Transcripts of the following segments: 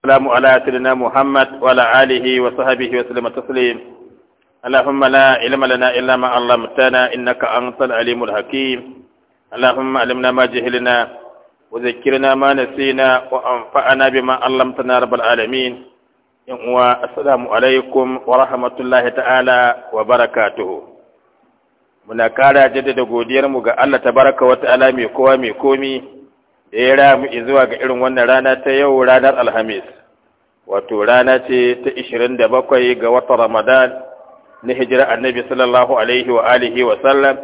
السلام على سيدنا محمد وعلى آله وصحبه وسلم تسليم اللهم لا علم لنا إلا ما علمتنا إنك أنت العليم الحكيم اللهم علمنا ما جهلنا وذكرنا ما نسينا وأنفعنا بما علمتنا رب العالمين والسلام عليكم ورحمة الله تعالى وبركاته muna kara jaddada godiyarmu ga Allah tabaraka wa ta'ala mai kowa mai komi da ya ramu zuwa ga irin wannan rana ta yau ranar alhamis wato rana ce ta 27 ga watan ramadan na hijira annabi sallallahu alaihi wa alihi wa sallam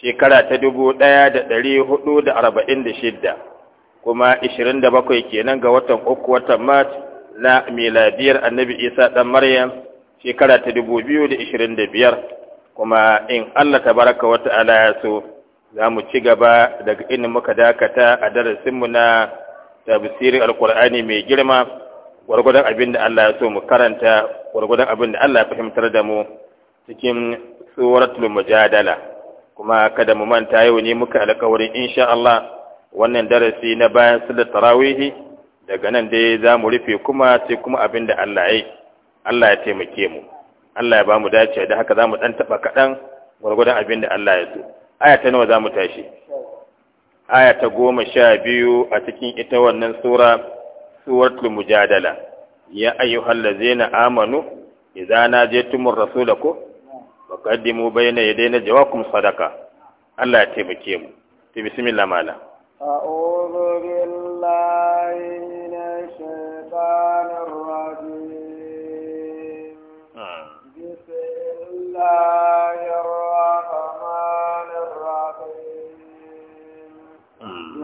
shekara ta 1446 kuma 27 kenan ga watan uku watan mat na miladiyar annabi isa dan maryam shekara ta 2025 kuma in allah tabaraka Wata ala ya so za mu ci gaba daga inda muka dakata a darasinmu na tafsirin alkur'ani mai girma gwargwadon abin da Allah ya so mu karanta gwargwadon abin da Allah ya fahimtar da mu cikin suratul mujadala kuma kada mu manta yau ne muka alƙawarin insha Allah wannan darasi na bayan sallar tarawihi daga nan dai za mu rufe kuma sai kuma abin da Allah ya yi Allah ya taimake mu Allah ya ba mu dace da haka za mu ɗan taɓa kaɗan gwargwadon abin da Allah ya so aya ta nawa za mu tashi aya ta goma sha biyu a cikin ita wannan sura suwartul mujadala ya ayyuhal ladzina amanu idza najaytumur rasulaku faqaddimu bayna yadayna kuma sadaqa Allah ya taimake mu to bismillah mala a'udhu billahi minash shaitanir rajim hmm. bismillah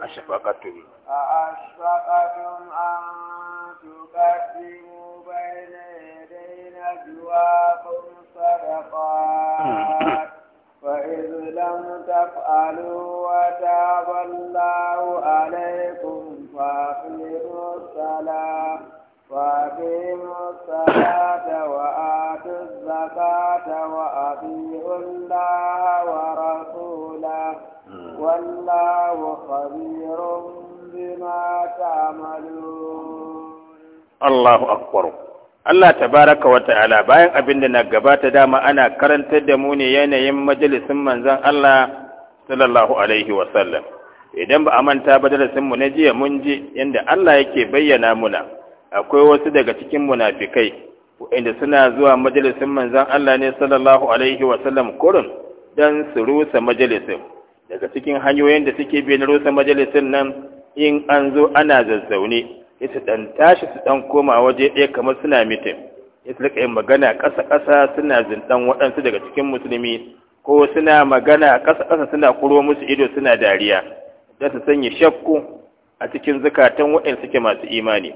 أأشفقتم الله أن تقدموا بين يدي نجواكم صدقات فإذ لم تفعلوا وتاب الله عليكم Allahu تعملون Allah tabaraka wa bayan abin da na gabata dama ana karantar da mu ne yanayin majalisin manzon Allah sallallahu alaihi wa idan ba a manta ba darasin mu na jiya mun ji yanda Allah yake bayyana muna akwai wasu daga cikin munafikai waɗanda suna zuwa majalisin manzon Allah ne sallallahu alaihi wa kurun dan su rusa majalisin daga cikin hanyoyin da suke bi na rusa majalisin nan in an zo ana zazzaune ya su ɗan tashi su ɗan koma waje ɗaya kamar suna mitin ya su yin magana ƙasa-ƙasa suna zinɗan waɗansu daga cikin musulmi ko suna magana ƙasa-ƙasa suna kuro musu ido suna dariya da su sanya shakku a cikin zukatan waɗanda suke masu imani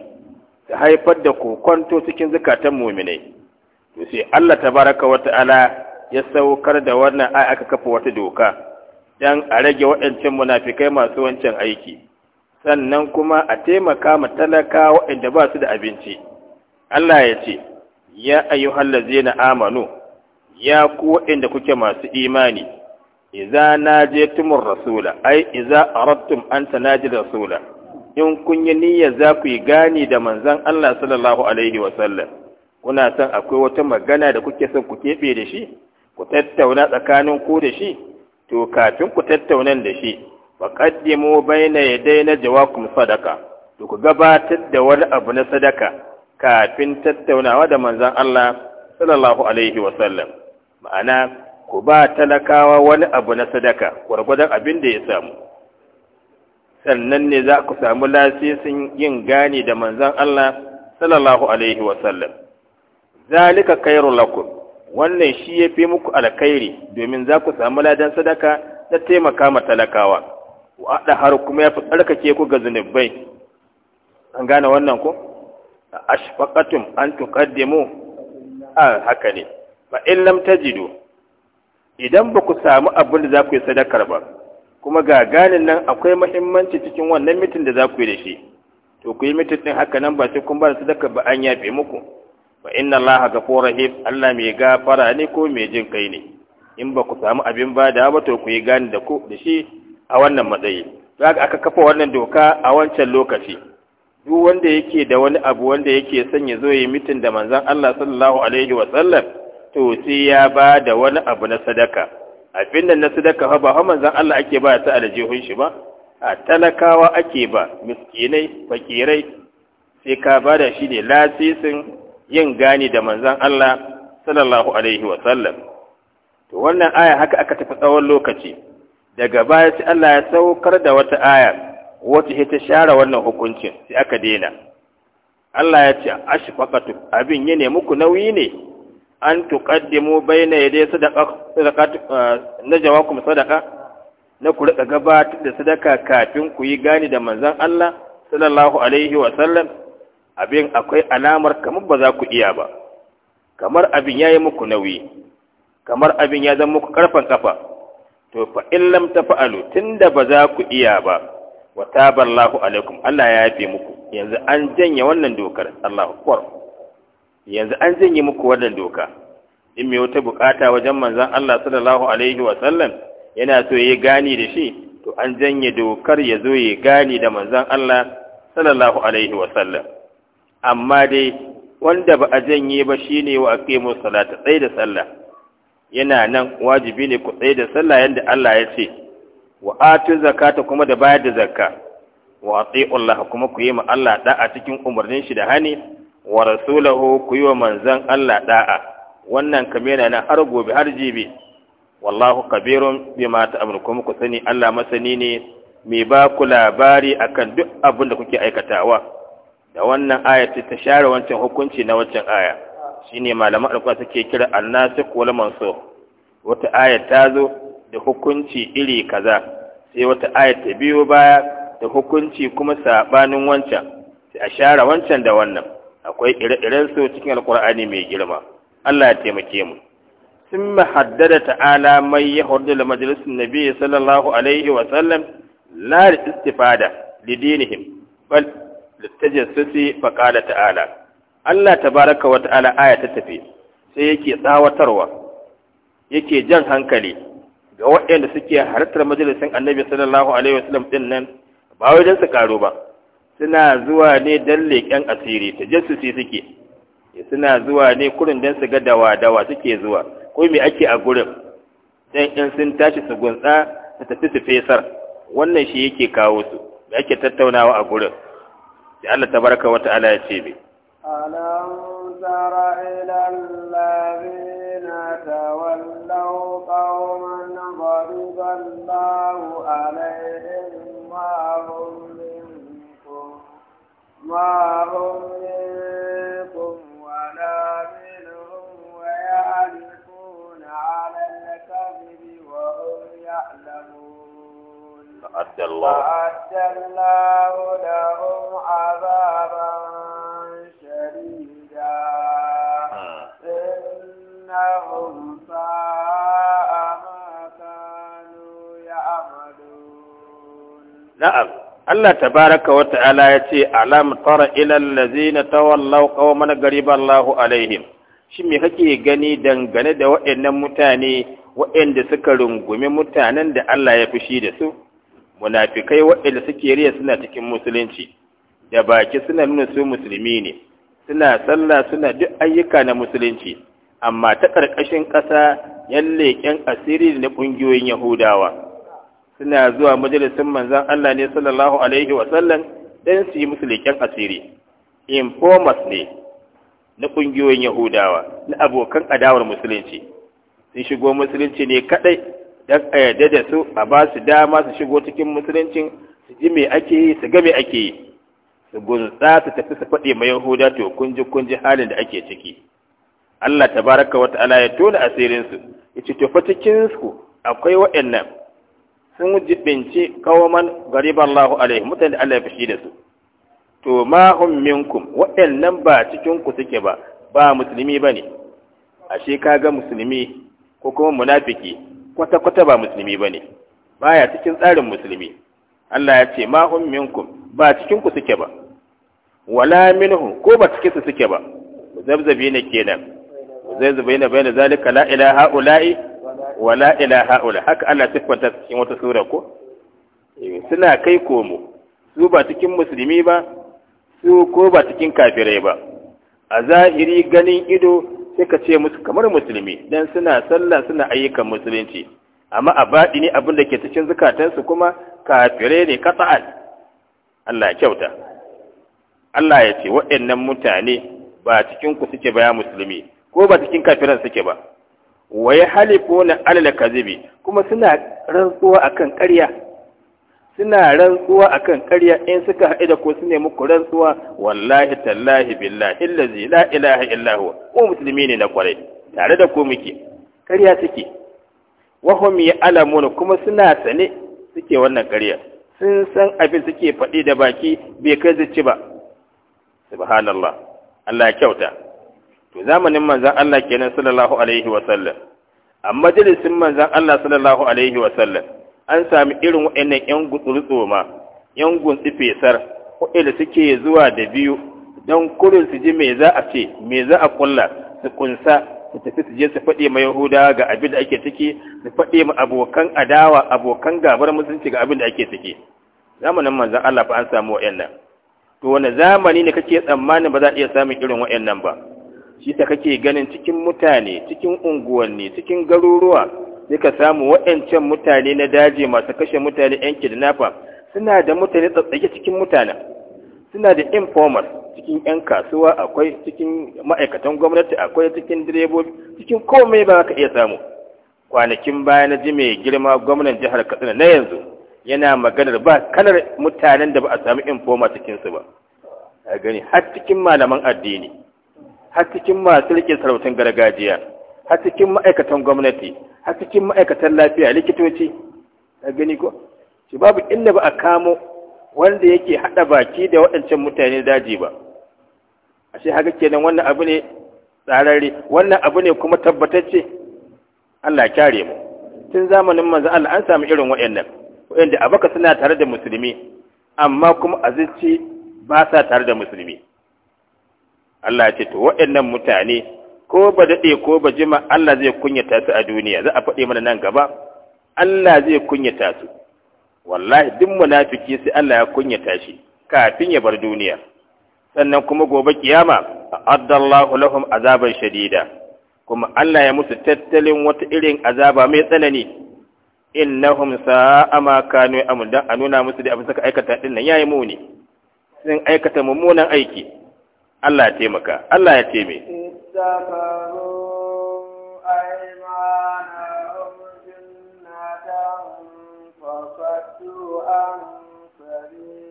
su haifar da kokonto cikin zukatan muminai to sai Allah tabaraka wa ta'ala ya saukar da wannan ai aka kafa wata doka dan a rage waɗancan munafikai masu wancan aiki sannan kuma a taimaka ma talaka waɗanda ba su da abinci Allah ya ce ya na amanu ya ku waɗanda kuke masu imani iza na je tumur rasula ai iza a aradtum an ta ji rasula in kun yi niyyar za ku yi gani da manzan Allah sallallahu alaihi wasallam, kuna son akwai wata magana da kuke son ku keɓe da shi ku tattauna tsakanin ku da shi to kafin ku tattaunan da shi ya bayna yaday najwakum sadaka to ku gabatar da wani abu na sadaka kafin tattaunawa da manzon Allah sallallahu alaihi wa ma'ana ku ba talakawa wani abu na sadaka gwargwadon abin da ya samu sannan ne za ku samu lasisin yin gani da manzon Allah sallallahu alaihi wa sallam zalika khairu lakum wannan shi ya fi muku alkhairi domin za ku samu ladan sadaka na taimaka ma talakawa wa har kuma ya fi tsarkake ku ga zunubai an gane wannan ko ashfaqatum an tuqaddimu a haka ne fa in lam tajidu idan ba ku samu abin da za ku yi sadakar ba kuma ga ganin nan akwai muhimmanci cikin wannan mitin da za ku yi da shi to ku yi mitin din haka nan ba sai kun ba da sadakar ba an yafe muku fa inna allaha ga rahim Allah mai gafara ne ko mai jin kai ne in ba ku samu abin ba da ba to ku yi gani da ku da shi a wannan matsayi za aka kafa wannan doka a wancan lokaci duk wanda yake da wani abu wanda yake son ya zo yi mitin da manzon Allah sallallahu alaihi wa sallam to sai ya ba da wani abu na sadaka abin da na sadaka ba fa manzan Allah ake ba ta aljihun shi ba a talakawa ake ba miskinai fakirai sai ka ba da shi ne lasisin yin gani da manzon Allah sallallahu alaihi wa sallam to wannan aya haka aka tafi tsawon lokaci daga baya sai Allah ya saukar da wata aya wacce ta share wannan hukuncin sai aka daina Allah ya ce ashfaqatu abin ya ne muku nauyi ne an tuqaddimu baina yaday sadaqa sadaqatu eh, najawakum sadaqa na ku rika gabatar da sadaka kafin ku yi gani da manzon Allah sallallahu alaihi wa sallam abin akwai alamar kamar ba za ku iya ba kamar abin yayi muku nauyi kamar abin ya zama muku karfan kafa to fa in lam tafa'alu tunda ba za ku iya ba wa taballahu alaikum Allah ya yafe muku yanzu an janye wannan dokar Allah akbar yanzu an janye muku wannan doka in me wata bukata wajen manzon Allah sallallahu alaihi wa sallam yana so yayi gani da shi to an janye dokar ya zo yayi gani da manzon Allah sallallahu alaihi wa sallam amma dai wanda ba a janye ba shine wa aqimu salata sai da sallah yana nan wajibi ne ku tsaye da sallah yadda Allah ya ce wa atu zakata kuma da bayar da zakka wa ati'u Allah kuma ku yi ma Allah da'a cikin umarnin shi da hani wa rasulahu ku yi wa manzon Allah da'a wannan kamar yana nan har gobe har jibi wallahu kabirun bima ta'malun kuma ku sani Allah masani ne mai ba ku labari akan duk abin da kuke aikatawa da wannan aya ta share wancan hukunci na wancan aya shine malaman alƙur'ani suke kira annasikh wal mansukh wata ayat ta zo da hukunci iri kaza sai wata ayat ta biyo baya da hukunci kuma sabanin wancan sai a share wancan da wannan akwai ire-iren su cikin alƙur'ani mai girma Allah ya taimake mu mai حدد تعالى من يحضر لمجلس النبي صلى الله عليه وسلم لا للاستفادة bal بل للتجسس فقال ta'ala Allah tabaraka wa ta'ala aya ta tafi sai yake tsawatarwa yake jan hankali ga waɗanda suke halartar majalisin annabi sallallahu alaihi wasallam din nan ba wai don su karo ba suna zuwa ne don leƙen asiri tajassusi suke suna zuwa ne kurin don su ga dawa dawa suke zuwa ko me ake a gurin dan in sun tashi su gunsa su tafi su fesar wannan shi yake kawo su me ake tattaunawa a gurin sai Allah tabaraka wa ta'ala ya ce mai ألم تر إلى الذين تولوا قوما غضب الله عليهم ما هم منكم ما هم منكم ولا منهم ويعرفون على الكذب وهم يعلمون فأعد الله لهم عذابا Na’am, Allah ta baraka Allah wa ta'ala ya ce alam tara ilal ladzina tawallaw qauman ghariba Allahu alaihim shi me kake gani dangane da waɗannan mutane waɗanda suka rungumi mutanen da Allah ya fushi da su munafikai waɗanda suke riya suna cikin musulunci da baki suna nuna su musulmi ne suna sallah suna duk ayyuka na musulunci amma ta ƙarƙashin ƙasa yan leƙen asiri na ƙungiyoyin yahudawa suna zuwa majalisin manzan Allah ne sallallahu alaihi wasallam don su yi musu leƙen asiri informers ne na ƙungiyoyin yahudawa na abokan adawar musulunci sun shigo musulunci ne kaɗai don a yarda da su a ba su dama su shigo cikin musuluncin su ji me ake yi su ga me ake yi su gunsa su tafi su faɗi mai yahuda to kunji kunji halin da ake ciki Allah Ta baraka wa ta'ala ya tona asirin su yace to fa cikin su akwai waɗannan sun jibinci kawaman gariballahu alaihi mutane Allah ya fashi da su to ma hum minkum waɗannan ba cikin ku suke ba ba musulmi bane ashe kaga musulmi ko kuma munafiki kwata kwata ba musulmi bane baya cikin tsarin musulmi Allah ya ce ma hum minkum ba cikin ku suke ba wala minhu ko ba cikin su suke ba ne kenan zai muzabzabina bayna zalika la ilaha ula'i wala ilaha ula haka Allah siffanta cikin wata sura ko eh, suna kai komo su ba cikin musulmi ba su ko ba cikin kafirai ba a zahiri ganin ido sai ka ce musu kamar musulmi dan suna sallah suna ayyukan musulunci amma a baɗi ne abin da ke cikin zukatansu kuma kafirai ne kata'al Allah kyauta Allah ya ce waɗannan mutane ba cikin ku suke ba ya musulmi ko ba cikin kafiran suke ba wa ya halifu na alal kazibi kuma suna rantsuwa akan ƙarya suna rantsuwa akan ƙarya in suka haɗu da ko su ne muku rantsuwa wallahi tallahi billahi allazi la ilaha illa huwa mu musulmi ne na kwarai tare da ku muke ƙarya suke wa hum ya'lamun kuma suna sane suke wannan ƙarya sun san abin suke faɗi da baki bai kai zuci ba subhanallah Allah ya kyauta to zamanin manzan Allah kenan sallallahu alaihi wa sallam a majalisin manzan Allah sallallahu alaihi wa sallam an sami irin waɗannan yan ma yan gunsi fesar waɗanda suke zuwa da biyu don kurin su ji me za a ce me za a kulla su kunsa su tafi su je su faɗi ma Yahuda ga abin da ake ciki su faɗi ma abokan adawa abokan gabar musulunci ga abin da ake ciki zamanin manzan Allah fa an samu waɗannan to wani zamani ne kake tsammanin ba za a iya samun irin wa'annan ba shi ta kake ganin cikin mutane cikin unguwanni cikin garuruwa sai ka samu wa'yancan mutane na daji masu kashe mutane yan kidnapper suna da mutane tsatsake cikin mutanen suna da informers cikin yan kasuwa akwai cikin ma'aikatan gwamnati akwai cikin direbobi cikin komai ba ka iya samu kwanakin baya na ji mai girma gwamnan jihar katsina na yanzu yana maganar ba kalar mutanen da ba a sami infoma cikinsu ba a gani har cikin malaman addini har cikin masu riƙe sarautun gargajiya har cikin ma'aikatan gwamnati har cikin ma'aikatan lafiya likitoci a gani ko shi babu inda ba a kamo wanda yake haɗa baki da waɗancan mutane daji ba ashe haka kenan wannan abu ne tsararre wannan abu ne kuma tabbatacce Allah kyare mu tun zamanin manzo Allah an samu irin waɗannan wanda abaka suna tare da musulmi amma kuma azici ba sa tare da musulmi Allah ce to waɗannan mutane ko ba daɗe ko ba jima Allah zai kunyata su a duniya za a faɗi mana nan gaba Allah zai kunyata su wallahi duk munafiki sai Allah ya kunyata shi kafin ya bar duniya sannan kuma gobe kiyama addallahu lahum azaban shadida kuma Allah ya musu tattalin wata irin azaba mai tsanani innahum sa'a ma kanu amdan a nuna musu da abin suka aikata din nan yayi muni sun aikata mummunan aiki Allah ya taimaka Allah ya taime فصدوا عن سبيل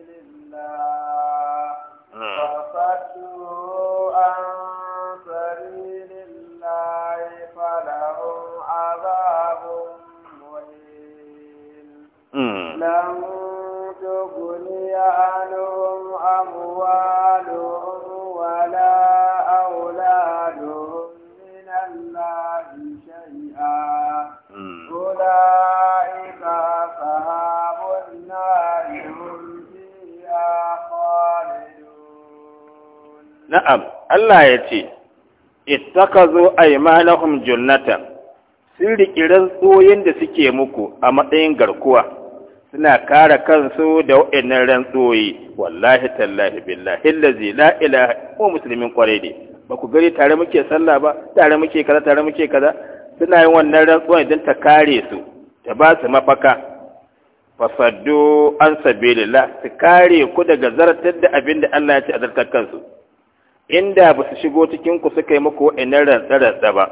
Na'am, أموالهم ولا أولادهم من الله شيئا أولئك أصحاب النار هم sun riƙi rantsoyin da suke muku a matsayin garkuwa suna kara kansu da wa'annan rantsoyi wallahi tallahi billahi allazi la ilaha illa musulmin kwarai ne ba ku gari tare muke sallah ba tare muke kaza tare muke kaza suna yin wannan rantsuwa idan ta kare su ta ba su mafaka fasaddu an sabilillah su kare ku daga zartar da abin da Allah ya ce a zartar kansu inda ba su shigo cikin ku suka yi muku wa'annan rantsa-rantsa ba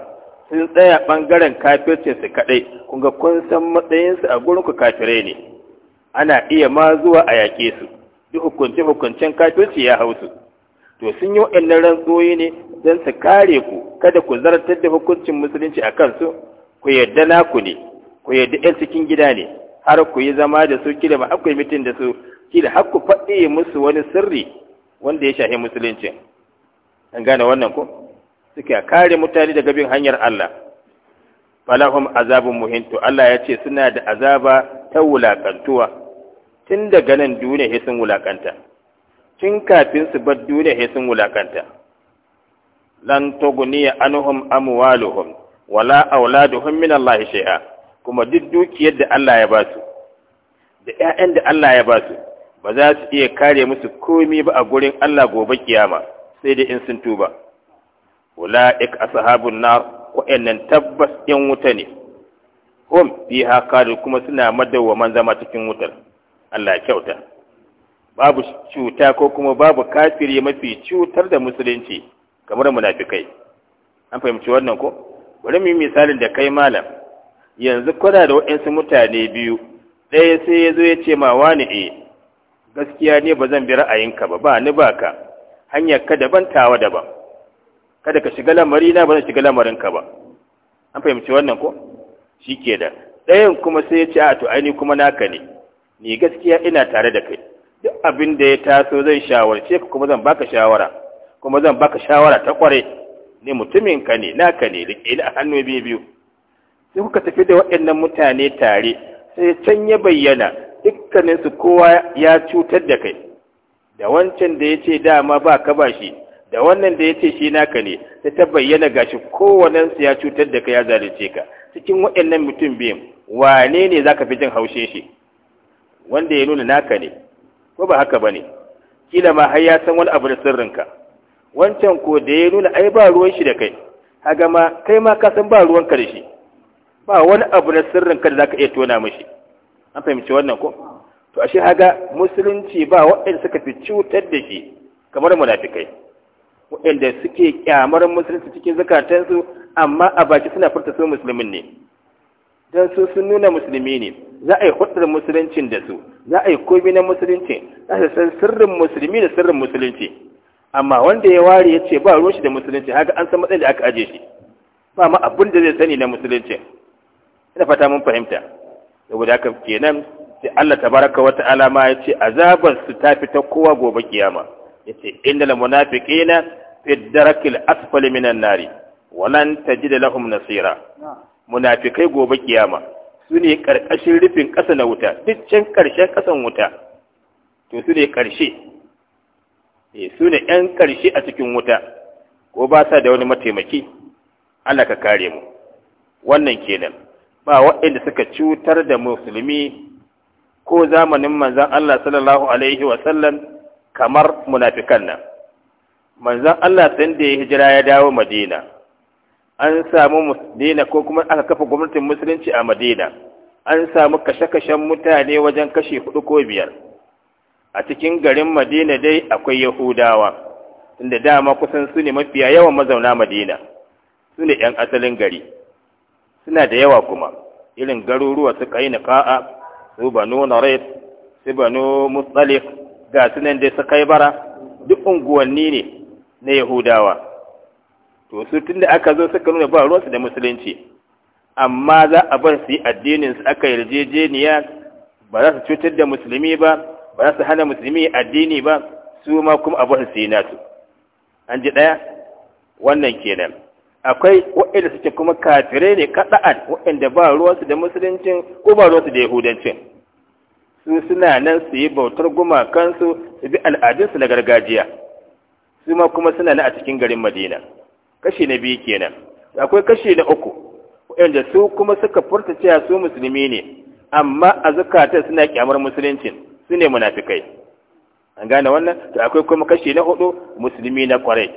sun tsaya bangaren kafirce su kadai kun ga kun san matsayinsu a gurin ku kafirai ne ana iya ma zuwa a yaƙe su duk hukunce-hukuncen kafirci ya hau su to sun yi waɗannan rantsoyi ne don su kare ku kada ku zartar da hukuncin musulunci a kansu ku yarda naku ne ku yarda 'yan cikin gida ne har ku yi zama da su kila ba akwai mitin da su kila har ku faɗi musu wani sirri wanda ya shafi musulunci an gane wannan ko suka kare mutane daga bin hanyar Allah falahum azabun muhin to Allah ya ce suna da azaba ta wulakantuwa tun daga nan duniya sai sun wulakanta tun kafin su bar duniya sai sun wulakanta lan tugniya anhum amwaluhum wala auladuhum min Allah shay'a kuma duk dukiyar da Allah ya ba da ƴaƴan da Allah ya basu, ba za su iya kare musu komai ba a gurin Allah gobe kiyama sai da in sun tuba ulaik ashabun nar wa'annan tabbas yan wuta ne hum biha kare kuma suna madawwaman zama cikin wutar Allah kyauta babu cuta ko kuma babu kafiri mafi cutar da musulunci kamar munafikai an fahimci wannan ko bari mu yi misalin da kai malam yanzu kuna da waɗansu mutane biyu ɗaya sai ya zo ya ce ma wani e, gaskiya ne ba zan bi ra'ayinka ba ba ni ba ka hanyar ka daban tawa daban kada ka shiga lamari na ba zan shiga lamarinka ba an fahimci wannan ko shi ke da ɗayan kuma sai ya ce a to aini kuma naka ne ni gaskiya ina tare da kai duk abin da ya taso zan shawarce ka kuma zan baka shawara kuma zan baka shawara ta kware Ni mutumin ka ne naka ne rike a hannu biyu biyu sai kuka tafi da waɗannan mutane tare sai can ya bayyana dukkaninsu kowa ya cutar da kai da wancan da ya ce dama ba ka ba shi da wannan da ya ce shi naka ne sai ta bayyana gashi su ya cutar da kai ya zalunce ka cikin waɗannan mutum biyun wane ne za ka fi jin haushe shi wanda ya nuna naka ne ko ba haka ba ne? kila ma har ya san wani abu da sirrinka wancan ko da ya nuna ai ba ruwan shi da kai haga ma kai ma ka san ba ruwan ka da shi ba wani abu na sirrinka da zaka iya tona mishi an fahimci wannan ko to ashe haga musulunci ba waɗanda suka fi cutar da shi kamar munafikai waɗanda suke kyamar musulunci cikin zakatansu amma a baki suna furta su musulmin ne don su sun nuna musulmi ne za a yi hudar musuluncin da su za a yi komi na musulunci za su san sirrin musulmi da sirrin musulunci amma wanda ya ware ya ce ba ruwan shi da musulunci haka an san matsayin da aka aje shi ba ma abin da zai sani na musulunci ina fata mun fahimta saboda haka kenan sai Allah ta baraka wata alama ya ce azabar su ta fita kowa gobe kiyama ya ce innal munafiqina fi darakil asfali minan nari walan da lahum nasira munafikai gobe kiyama su ne ƙarƙashin rufin ƙasa na wuta duk can ƙarshen ƙasan wuta to su ne ƙarshe eh, su ne ‘yan ƙarshe a cikin wuta ko ba sa da wani mataimaki Allah ka kare mu wannan kenan ba waɗanda suka cutar da musulmi ko zamanin manzan Allah sallallahu alaihi sallam kamar munafikan nan manzan Allah da ya hijira ya dawo madina an samu Madina ko kuma aka kafa gwamnatin musulunci a Madina an samu kashe-kashen mutane wajen kashe hudu ko biyar a cikin garin Madina dai akwai Yahudawa inda dama kusan su ne mafiya yawan mazauna Madina su ne ‘yan asalin gari suna da yawa kuma irin garuruwa su kai ka'a su banu naret su banu mutsalik ga sunan dai su kai bara duk unguwanni ne na Yahudawa to su da aka zo suka nuna ba ruwansu da musulunci amma za a bar su yi addinin su aka yarjejeniya ba za su cutar da musulmi ba ba za su hana musulmi addini ba su ma kuma a bar su yi nasu an ji ɗaya wannan kenan akwai wa'inda suke kuma kafire ne kaɗa'an wa'inda ba ruwansu da musuluncin ko ba ruwansu da yahudancin su suna nan su yi bautar gumakansu su bi al'adunsu na gargajiya su ma kuma suna nan a cikin garin madina kashi na biyu kenan akwai kashi na uku wanda su kuma suka furta cewa su musulmi ne amma a zukata suna kyamar musuluncin su ne munafikai an gane wannan to akwai kuma kashi na hudu musulmi na kwarai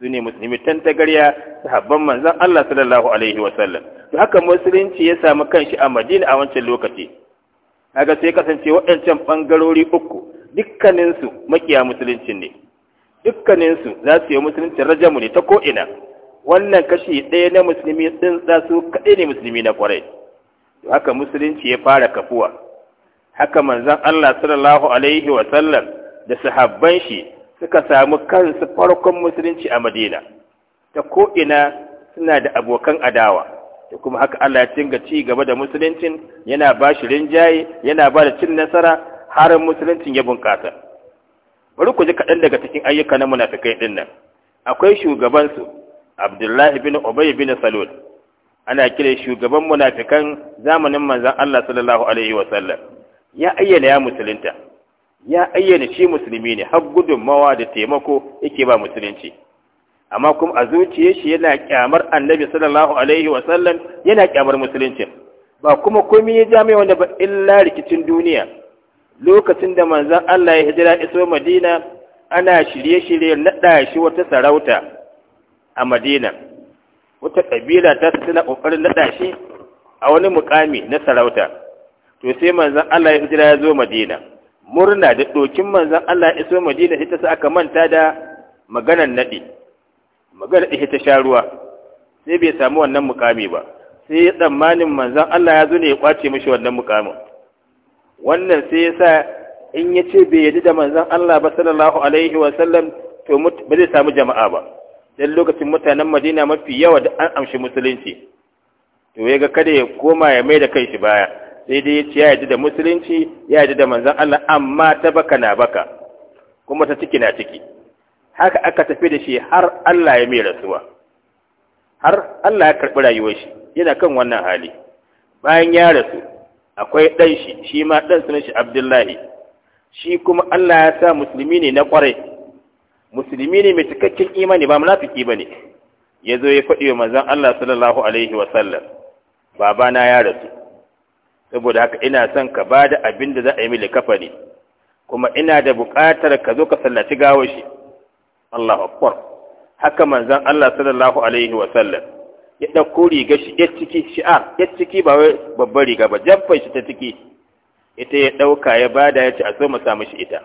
su ne musulmi gariya sahabban manzon Allah sallallahu alaihi wa sallam to haka musulunci ya samu kanshi a Madina a wancan lokaci kaga sai kasance waɗancan bangarori uku dukkaninsu makiya musulunci ne dukkaninsu za su yi musulunci rajamu ne ta ko'ina wannan kashi ɗaya na musulmi ɗin za su kaɗai ne musulmi na kwarai haka musulunci ya fara kafuwa haka manzan Allah sallallahu alaihi wa sallam da sahabban shi suka samu kansu farkon musulunci a Madina ta ko'ina suna da abokan adawa da kuma haka Allah ya tinga ci gaba da musuluncin yana ba shi rinjaye yana ba da cin nasara har musuluncin ya bunƙasa bari ku ji kaɗan daga cikin ayyuka na munafikai ɗin nan akwai shugabansu abdullahi bin obay bin salud ana kira shugaban munafikan zamanin manzon Allah sallallahu alaihi wa sallam ya ayyana ya musulunta ya ayyana shi musulmi ne har gudunmawa da taimako yake ba musulunci amma kuma a zuciyar shi yana kyamar annabi sallallahu alaihi wa sallam yana kyamar musulunci ba kuma komai ya ja mai wanda ba illa rikicin duniya lokacin da manzan Allah ya hijira iso Madina ana shirye-shirye naɗa shi wata sarauta a Madina wata ƙabila ta suna ƙoƙarin naɗa shi a wani mukami na sarauta to sai manzan Allah ya hijira ya zo Madina murna da ɗokin manzan Allah ya iso Madina ita sa aka manta da maganar naɗi maganar ɗi ta sha ruwa sai bai samu wannan mukami ba sai ya tsammanin manzan Allah ya zo ne ya kwace mishi wannan mukamin wannan sai ya sa in ya ce bai yadda da manzan Allah ba sallallahu alaihi wa to ba zai samu jama'a ba dan lokacin mutanen Madina mafi yawa da an amshi musulunci to ya ga kada ya koma ya mai da kai shi baya sai dai ya ce ya yadda da musulunci ya yadda da manzan Allah amma ta baka na baka kuma ta ciki na ciki haka aka tafi da shi har Allah ya mai rasuwa har Allah ya karɓi rayuwar shi yana kan wannan hali bayan ya rasu akwai ɗan shi shi ma ɗan sunan shi abdullahi shi kuma Allah ya sa musulmi ne na ƙwarai musulmi ne mai cikakken imani ba munafiki ba ne ya zo ya faɗi wa manzon Allah sallallahu alaihi wa sallam babana ya rasu saboda haka ina son ka ba da abin da za a yi mili kafa kuma ina da buƙatar ka zo ka sallaci gawashi Allahu akbar haka manzon Allah sallallahu alaihi wa sallam ya ɗauko riga shi ya ciki shi'ar ya ciki ba wai babbar riga ba jamfai shi ta ciki ita ya ɗauka ya bada ya ce a so sa mashi ita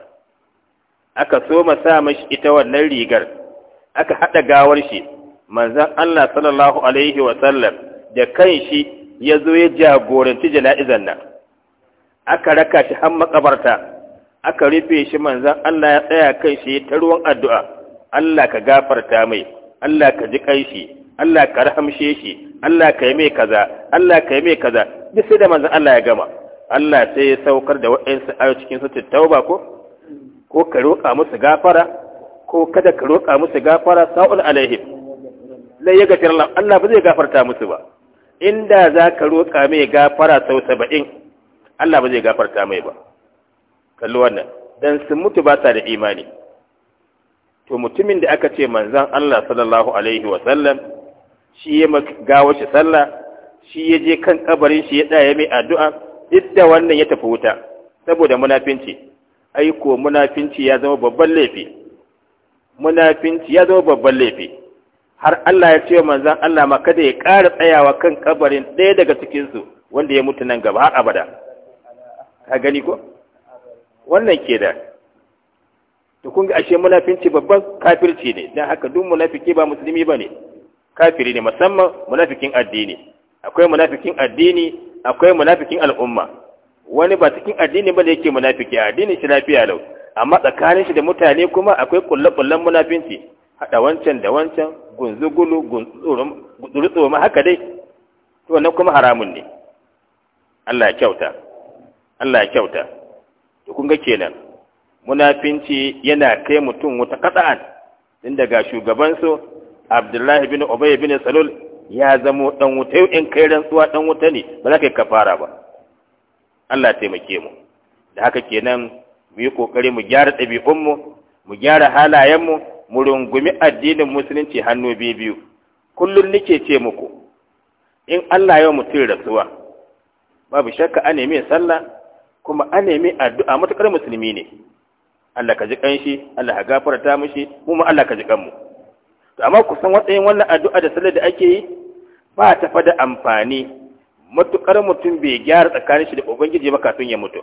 aka so sa mashi ita wannan rigar aka haɗa gawar shi manzon Allah sallallahu alaihi wa sallam da kanshi ya zo ya jagoranci jana'izan nan aka raka shi har makabarta aka rufe shi manzan Allah ya tsaya kan shi ta ruwan addu'a, Allah ka gafarta mai, Allah ka ji ƙanshi, Allah ka rahamshe shi Allah ka yi mai kaza Allah ka yi mai kaza duk sai da manzon Allah ya gama Allah sai ya saukar da wa'ansu ayo cikin su tauba ko ko ka roƙa musu gafara ko kada ka roƙa musu gafara sa'ul alaihim la ya gafir Allah Allah ba zai gafarta musu ba inda za ka roƙa mai gafara sau saba'in Allah ba zai gafarta mai ba kallo wannan dan sun mutu ba sa da imani to mutumin da aka ce manzon Allah sallallahu alaihi wa sallam shi ya gawo shi sallah shi ya je kan kabarin shi ya tsaya mai addu'a duk da wannan ya tafi wuta saboda munafinci aiko munafinci ya zama babban laifi munafinci ya zama babban laifi har Allah ya ce wa manzon Allah ma kada ya ƙara tsayawa kan kabarin ɗaya daga cikin su wanda ya mutu nan gaba har abada ka gani ko wannan ke da to kun ga ashe munafinci babban kafirci ne dan haka duk munafiki ba musulmi bane kafiri ne musamman munafikin addini akwai munafikin addini akwai munafikin al'umma wani ba cikin addini ba da yake munafiki addini shi lafiya lau amma tsakanin shi da mutane kuma akwai kullakullan munafinci haɗa wancan da wancan gunzugulu gunzuru ma haka dai to wannan kuma haramun ne Allah ya kyauta Allah ya kyauta to kun ga kenan munafinci yana kai mutum wata katsa'an tun daga shugabansu abdullahi bin ubay bin salul ya zamo dan wuta in kai rantsuwa dan wuta ne ba za ka yi kafara ba Allah taimake mu da haka kenan mu yi kokari mu gyara ɗabi'un mu mu gyara halayen mu mu rungumi addinin musulunci hannu biyu biyu kullum nake ce muku in Allah ya mutum rasuwa babu shakka a nemi sallah kuma a nemi addu'a matukar musulmi ne Allah ka ji kanshi Allah ka gafarta mishi mu ma Allah ka ji kanmu to amma kusan watsayin wannan addu'a da sallar da ake yi ba ta fada amfani matuƙar mutum bai gyara tsakanin shi da ubangiji ba kafin ya mutu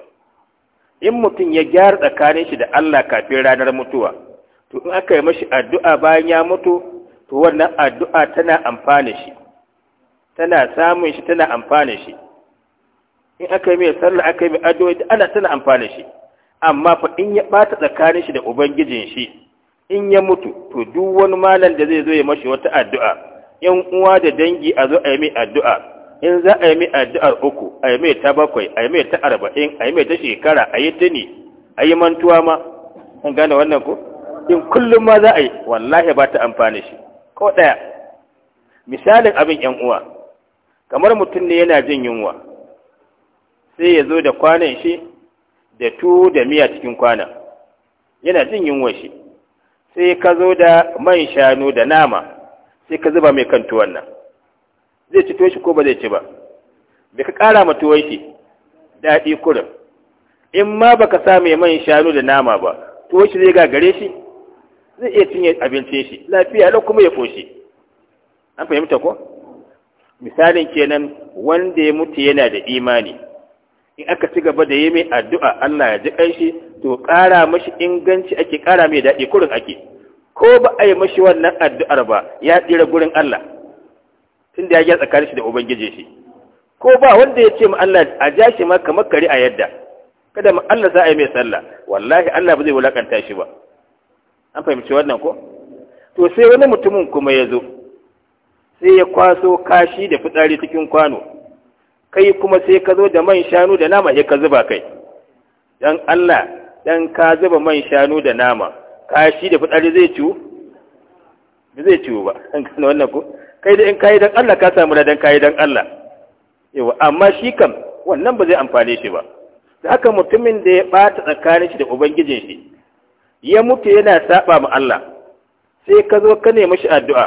in mutum ya gyara tsakanin shi da Allah kafin ranar mutuwa to in aka yi mashi addu'a bayan ya mutu to wannan addu'a tana amfani shi tana samun shi tana amfani shi in aka yi mai sallah aka yi mai addu'a ana tana amfani shi amma fa in ya bata tsakanin shi da ubangijin shi in ya mutu to duk wani malam da zai zo ya mashi wata addu'a yan uwa da dangi a zo a yi mai addu'a in za a yi mai addu'ar uku a yi mai ta bakwai a yi mai ta arba'in a yi mai ta shekara a yi tuni a yi mantuwa ma an gane wannan ko in kullum ma za a yi wallahi ba ta amfani shi ko ɗaya misalin abin yan uwa kamar mutum ne yana jin yunwa sai ya zo da kwanan shi da tuwo da miya cikin kwana yana jin yunwa shi sai ka zo da man shanu da nama sai ka zuba mai kan tuwon nan zai ci tuwon shi ko ba zai ci ba bai ka ƙara ma tuwon shi daɗi kurin in ma ba ka sa mai man shanu da nama ba tuwon shi zai gare shi zai iya cinye abincin shi lafiya lau kuma ya ƙoshi an fahimta ko misalin kenan wanda ya mutu yana da imani in aka ci gaba da yi mai addu'a Allah ya ji ƙanshi to ƙara mashi inganci ake ƙara mai daɗi kurin ake ko ba a yi mashi wannan addu'ar ba ya tsira gurin Allah tun da ya gyara tsakanin shi da ubangiji shi ko ba wanda ya ce ma’alla a ja shi ma kamar kare a yadda kada ma za a yi mai sallah wallahi Allah ba zai wulakanta shi ba an fahimci wannan ko to sai wani mutumin kuma ya zo sai ya kwaso kashi da fitsari cikin kwano kai kuma sai ka zo da man shanu da nama sai ka zuba kai dan Allah ɗan ka zuba man shanu da nama kashi da fitsari zai ciwo ba zai ciwo ba an gane wannan ko kai da in kayi dan Allah ka samu ladan kayi dan Allah yawa amma shi kam wannan ba zai amfane shi ba da haka mutumin da ya bata tsakanin shi da ubangijin shi ya mutu yana saba ma Allah sai ka zo ka nemi shi addu'a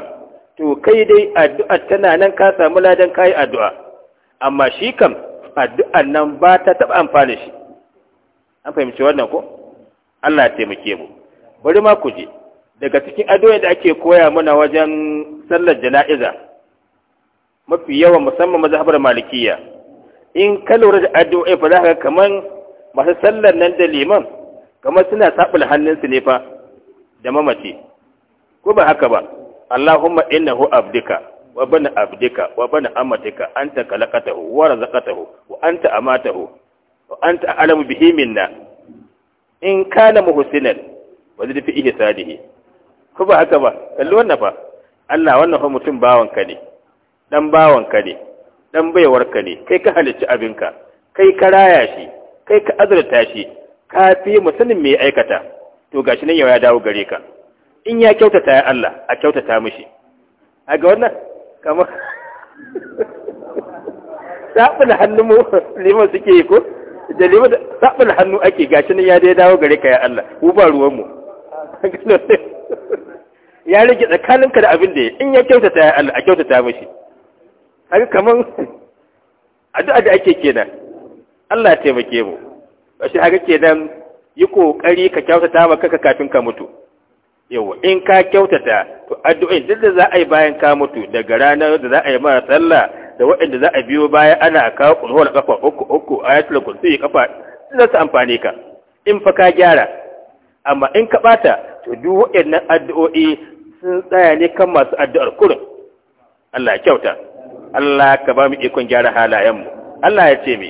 to kai dai addu'a tana nan ka samu ladan kayi addu'a amma shi kam addu'an nan ba ta taɓa amfani shi an fahimci wannan ko Allah ya taimake mu bari ma ku je daga cikin addu'a da ake koya mana wajen sallar jana'iza mafi yawa musamman mazhabar malikiya in ka lura da addu'a fa za ka kaman masu sallar nan da liman kamar suna sabul hannunsu ne fa da mamaci ko ba haka ba Allahumma innahu abdika wa bana abdika wa bana amatika anta kalakatahu wa razaqatahu wa anta amatahu wa anta a'lamu bihi minna in kana muhsinan wa zid fi ihsanihi ko ba haka ba kalli wannan fa Allah wannan fa mutum bawanka ne dan bawanka ne dan baiwarka ne kai ka halicci abinka kai ka raya shi kai ka azurta shi ka fi musanin mai aikata to gashi nan yau ya dawo gare ka in ya kyautata ya Allah a kyautata mishi a ga wannan kamar saɓin hannun mu liman suke yi ko da lemu da tsabar hannu ake gashi nan ya dai dawo gare ka ya Allah ku ba ruwan mu ya rage ka da abin da in ya kyautata ya Allah a kyautata mashi har kaman addu'a da ake kenan Allah ya taimake mu shi haka kenan yi kokari ka kyautata maka kafin ka mutu Yau, in ka kyautata to addu'o'in duk da za a yi bayan ka mutu daga ranar da za a yi mara sallah da waɗanda za a biyo baya ana kawo kulhuwar kafa uku uku ayatul kursi kafa za su amfane ka in fa ka gyara amma in ka bata to duk waɗannan addu'o'i sun tsaya ne kan masu addu'ar kurin Allah ya kyauta Allah ka ba mu ikon gyara halayenmu Allah ya ce me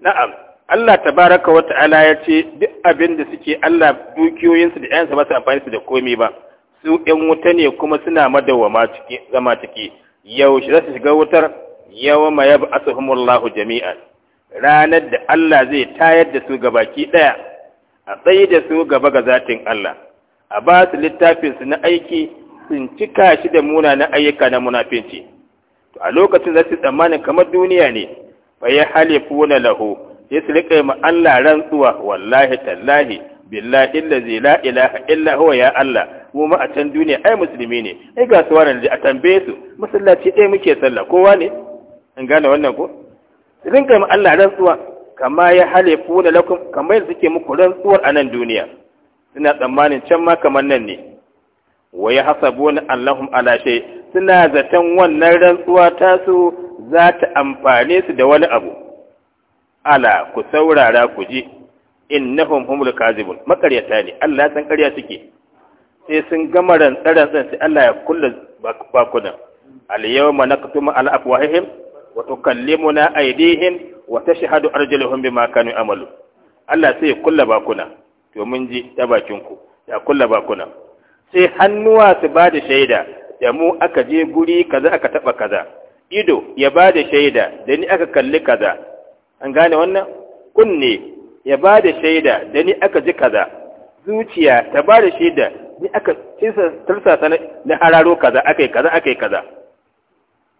na'am Allah tabaraka wa ta'ala ya ce duk abin da suke Allah dukiyoyinsu da ƴansa ba su amfani su da komai ba su 'yan wuta ne kuma suna madawwama ciki zama ciki yaushe za su shiga wutar yawma yab'athuhumullahu jami'an ranar da Allah zai tayar da su gabaki ɗaya, a tsaye da su gaba ga zatin Allah a ba su littafin su na aiki sun cika shi da munanan ayyuka na munafinci to a lokacin za su tsammanin kamar duniya ne fa ya halifuna lahu ya su rika ma Allah rantsuwa wallahi tallahi billahi allazi la ilaha illa huwa ya Allah mu ma a can duniya ai musulmi ne ai ga su wannan a tambaye su masallaci ɗaya muke sallah kowa ne an gane wannan ko rinka ma Allah rantsuwa kama ya halifuna lakum kamar yadda suke muku rantsuwar a nan duniya suna tsammanin can ma kamar nan ne wa ya hasabuna allahum ala shay suna zaton wannan rantsuwa tasu za ta amfane su da wani abu ala ku saurara ku ji innahum humul kazibun makaryata ne Allah san karya suke sai sun gama rantsaran sai Allah ya kulla bakunan al yawma naqtumu ala afwahihim wa tukallimuna aydihim wa tashhadu arjuluhum bima kanu amalu Allah sai ya kulla bakuna to mun ji ta bakin ku ya kulla bakuna sai hannuwa su ba da shaida da mu aka je guri kaza aka taba kaza ido ya ba da shaida da ni aka kalli kaza an gane wannan kunne ya ba da shaida da ni aka ji kaza zuciya ta ba da shaida ni aka tursasa na hararo kaza aka yi kaza aka yi kaza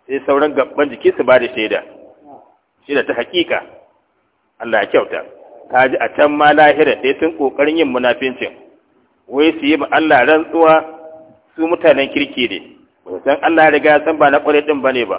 sai sauran gaban jiki su ba da shaida shaida ta hakika Allah ya kyauta ta ji a can ma lahira sai sun kokarin yin munafincin wai su yi ma Allah rantsuwa su mutanen kirki ne san Allah ya riga san ba na kwarai din bane ba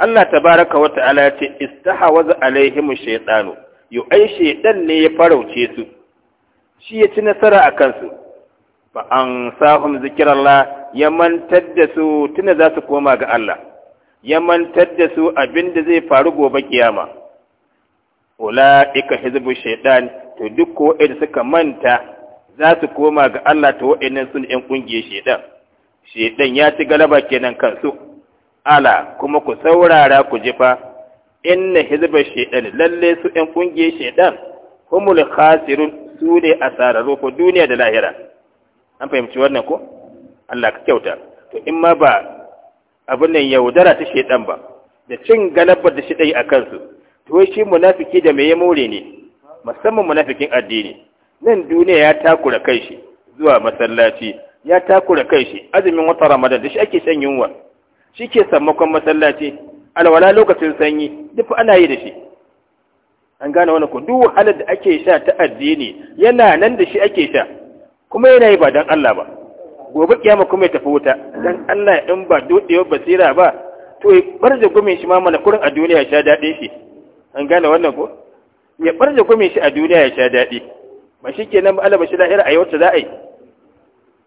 Allah tabaraka wa ta'ala ya ce istahawaza alaihim shaytanu yo ai ne ya farauce su shi ya ci nasara a kansu fa an sahum zikrallah ya mantar da su tuna za su koma ga Allah ya mantar da su abinda zai faru gobe kiyama ula'ika hizbu shaitan to duk ko suka manta za su koma ga Allah ta wa'annan sun yan ƙungiyar ya ci galaba kenan kansu ala kuma ku saurara ku jifa inna hizbar shaidan lalle su yan ƙungiyar shaidan humul khasirun su ne asararru ko duniya da lahira an fahimci wannan ko Allah ka kyauta to in ma ba abin nan yaudara ta shaidan ba da cin galabar da shi shaidan a kansu to shi munafiki da mai more ne musamman munafikin addini nan duniya ya takura kai shi zuwa masallaci ya takura kai shi azumin wata ramadan da shi ake san yunwa shi ke sammakon masallaci alwala lokacin sanyi duk ana yi da shi an gane wani ku duk wahalar da ake sha ta addini yana nan da shi ake sha kuma yana yi ba don Allah ba gobe kiyama kuma ya tafi wuta don Allah in ba dodewa basira ba to ya barje gumin shi ma mana kurin a duniya ya sha daɗi shi an gane wannan ko ya barje gumin shi a duniya ya sha daɗi ba shi kenan ba Allah ba shi da'ira a yau ta za a yi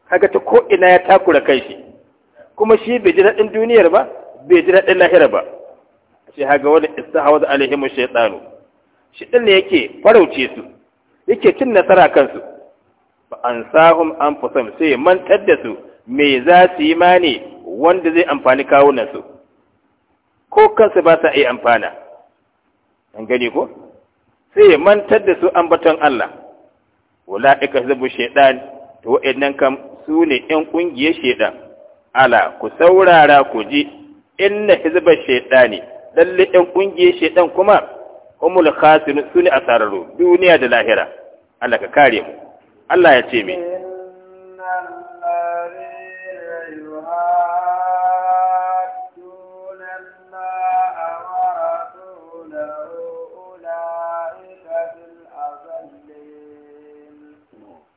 haka ta ko ina ya takura kai shi kuma shi bai ji daɗin duniyar ba bai ji daɗin lahira ba shi haga wani istahawa da alihimu shaitanu shi ɗin ne yake farauce su yake cin nasara kansu ba an sahum an fusam sai ya mantar da su me za su yi mani wanda zai amfani kawunansu ko kansu ba sa iya amfana an gani ko sai ya mantar da su ambaton Allah wala ika zabu shaitan to wa'annan kam su ne ƴan ƙungiyar shaitan ala ku saurara ku ji inna hizbar shaidani lalle 'yan ƙungiyar shaidan kuma umul khasinu su ne asararu duniya da lahira Allah ka kare mu Allah ya ce mai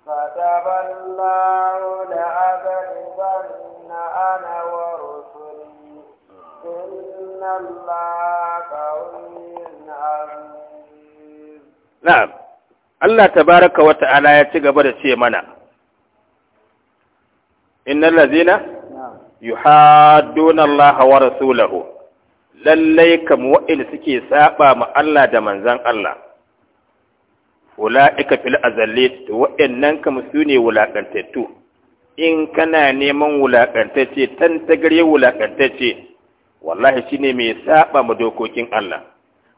كتب Na'am, Allah ta wata wata'ala ya ci gaba da ce mana, Inna lazina, yuhadduna Allah wa rasulahu, lallai kam wa'il suke saɓa ma Allah da manzan Allah, wula'ika fil wa'in nan kam su ne wulaƙantattu, in kana neman wulaƙantacce, tantagar yi wulaƙantacce. wallahi shine mai saɓa ma dokokin Allah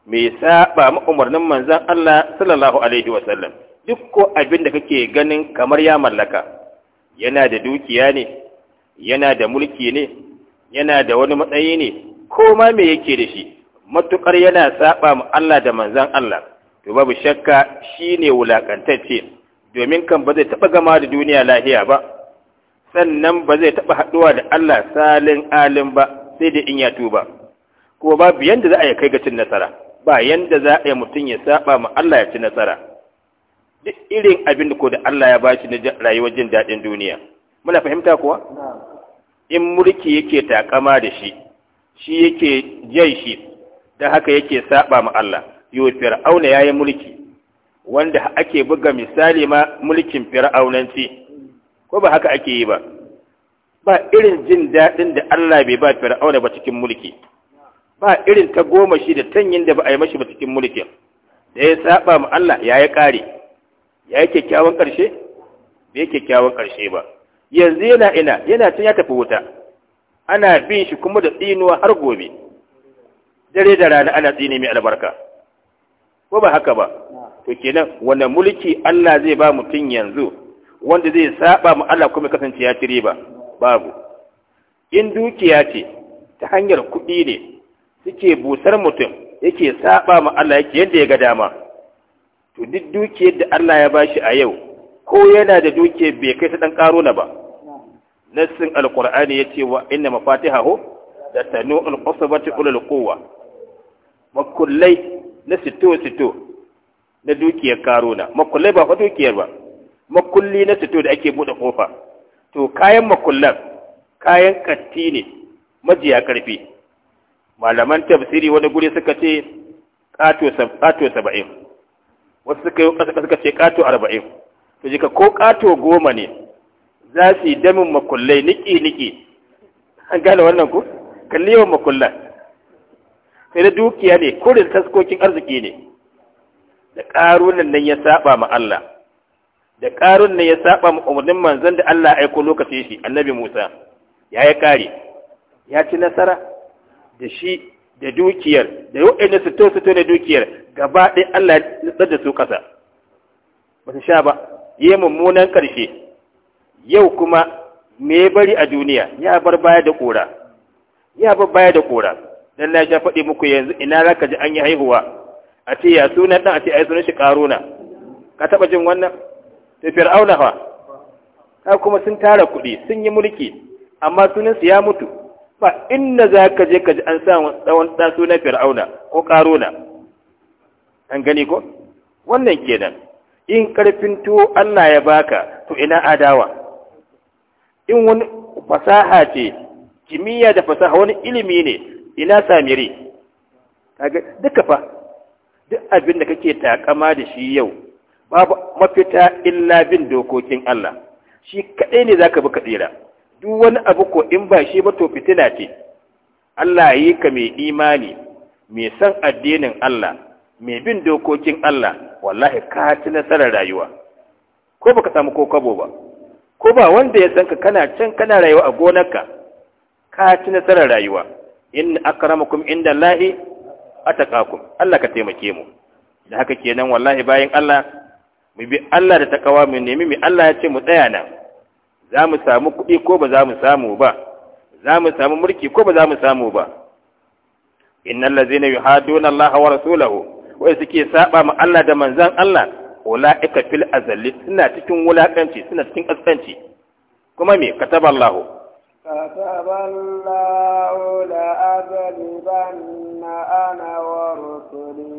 mai saɓa ma umarnin manzon Allah sallallahu alaihi wa sallam duk ko abin da kake ganin kamar ya mallaka yana da dukiya ne yana da mulki ne yana da wani matsayi ne ko ma me yake da shi Matuƙar yana saɓa ma Allah da manzon Allah to babu shakka shine wulakantacce domin kan ba zai taba gama da duniya lahiya ba sannan ba zai taɓa haɗuwa da Allah salin alin ba sai dai in ya tuba kuma babu yanda za a yi kai ga cin nasara ba yanda za a yi mutum ya saba ma Allah ya ci nasara duk irin abin da ko da Allah ya bashi na rayuwar jin daɗin duniya muna fahimta kuwa in mulki yake takama da shi shi yake jan shi da haka yake saba ma Allah yo fir'auna ya yi mulki wanda ake buga misali ma mulkin fir'aunanci ko ba haka ake yi ba ba irin jin daɗin da Allah bai ba fir'auna ba cikin mulki ba irin ta goma shi da tanyin da ba a yi mashi ba cikin mulkin da ya saba ma Allah ya yi ƙari, ya yi kyakkyawan ƙarshe bai kyakkyawan ƙarshe ba yanzu yana ina yana can ya tafi wuta ana bin shi kuma da tsinuwa har gobe dare da rana ana tsini mai albarka ko ba haka ba to kenan wanda mulki Allah zai ba mutum yanzu wanda zai saba ma Allah kuma kasance ya ci ba babu in dukiya ce ta hanyar kuɗi ne suke busar mutum yake saɓa ma Allah yake yadda ya ga dama to duk dukiyar da Allah ya bashi a yau ko yana da dukiyar bai kai ta dan karo na ba nassin alqur'ani yace wa inna mafatihahu da tanu alqasabati ulul quwwa makullai na sito sito na dukiyar na makullai ba fa dukiyar ba makulli na sito da ake bude kofa to kayan makullan kayan katti ne majiya karfi malaman tafsiri wani guri suka ce kato saba'in wasu suka yi suka ce kato arba'in to jika ko kato goma ne za su yi damin makullai niki-niki an gane wannan ku kalli yawan makullan sai da dukiya ne kurin taskokin arziki ne da ƙarunan nan ya saba ma Allah da ƙarun ne ya saba umarnin manzon da Allah aiko lokaci shi annabi Musa ya yi kare ya ci nasara da shi da dukiyar da yau to su to ne dukiyar gaba ɗaya Allah ya tsada su kasa ba su sha ba yi mummunan ƙarshe yau kuma me ya bari a duniya ya bar baya da ƙura ya bar baya da ƙura dan na sha faɗi muku yanzu ina za ka ji an yi haihuwa a ce ya sunan ɗan a ce ai sunan shi ƙaruna ka taɓa jin wannan da fir'auna fa ka kuma sun tara kuɗi sun yi mulki amma sunansu ya mutu ba inda za ka je ka ji an sa tsawon ɗan sunan fir'auna ko ƙarona? an gani ko wannan kenan in ƙarfin tuwo Allah ya baka to ina adawa in wani fasaha ce kimiyya da fasaha wani ilimi ne ina samiri kaga duka fa duk abin da kake takama da shi yau babu mafita illa bin dokokin Allah shi kaɗai ne zaka bi kadira, duk wani abu ko in ba shi ba to fitina ce Allah yi ka mai imani mai san addinin Allah mai bin dokokin Allah wallahi ka ci nasarar rayuwa ko baka samu ko kabo ba ko ba wanda ya san ka kana can kana rayuwa a gonarka ka ci nasarar rayuwa in akramakum inda lahi atakakum Allah ka taimake mu da haka kenan wallahi bayan Allah mu bi Allah da takawa mu nemi mu Allah ya ce mu tsaya nan za mu samu kuɗi ko ba za mu samu ba za mu samu mulki ko ba za mu samu ba innal ladzina yuhaduna Allah wa rasulahu wai suke saba ma Allah da manzon Allah ulaika fil azali suna cikin wulakanci suna cikin kaskanci kuma me kataba Allah كتب الله لأغلبن أنا ورسلي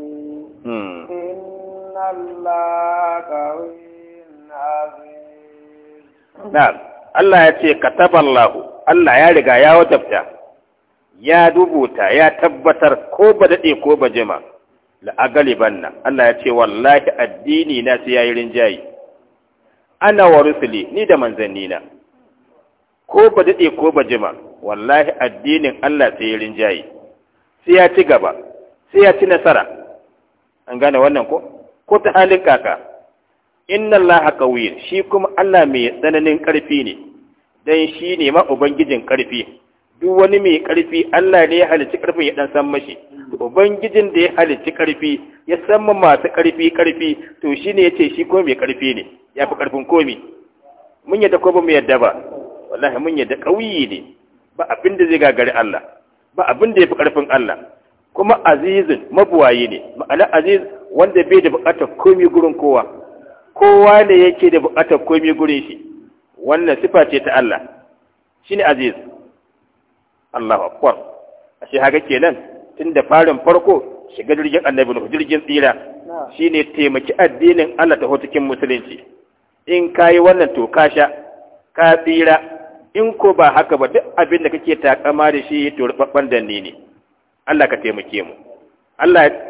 Na'am, Allah ya ce, ka Kataballahu, Allah ya riga ya wajabta, ya dubuta, ya tabbatar ko ba daɗe ko ba jima, la'agaliban nan, Allah ya ce, Wallahi addini na sai ya yi rinjayi, ana wa rusuli ni da manzanni na, ko ba daɗe ko ba jima, wallahi addinin Allah sai ya rinjayi, sai ya ci gaba, sai ya ci nasara, an gane wannan ko? ko ta halin kaka inna Allah qawiyyun shi kuma Allah mai tsananin ƙarfi ne dan shi ne ma ubangijin ƙarfi duk wani mai ƙarfi Allah ne ya halicci ƙarfin ya dan san mashi ubangijin da ya halicci ƙarfi ya san ma masu ƙarfi ƙarfi to shi ne yace shi kuma mai ƙarfi ne ya fi ƙarfin komi mun yadda ko ba mu yadda ba wallahi mun yadda ƙauyi ne ba abin da zai gagari Allah ba abin da ya fi ƙarfin Allah kuma azizin mabuwayi ne ma'ana aziz wanda bai da buƙatar komi gurin kowa kowa ne yake da buƙatar komi gurin shi wannan sifa ce ta Allah shine aziz Allahu akbar ashe haka kenan tunda farin farko shiga jirgin annabi ne jirgin tsira shine taimaki addinin Allah ta hotukin musulunci in kayi wannan to ka sha ka tsira in ko ba haka ba duk abin da kake takama da shi to rubabban danne ne Allah ka taimake mu Allah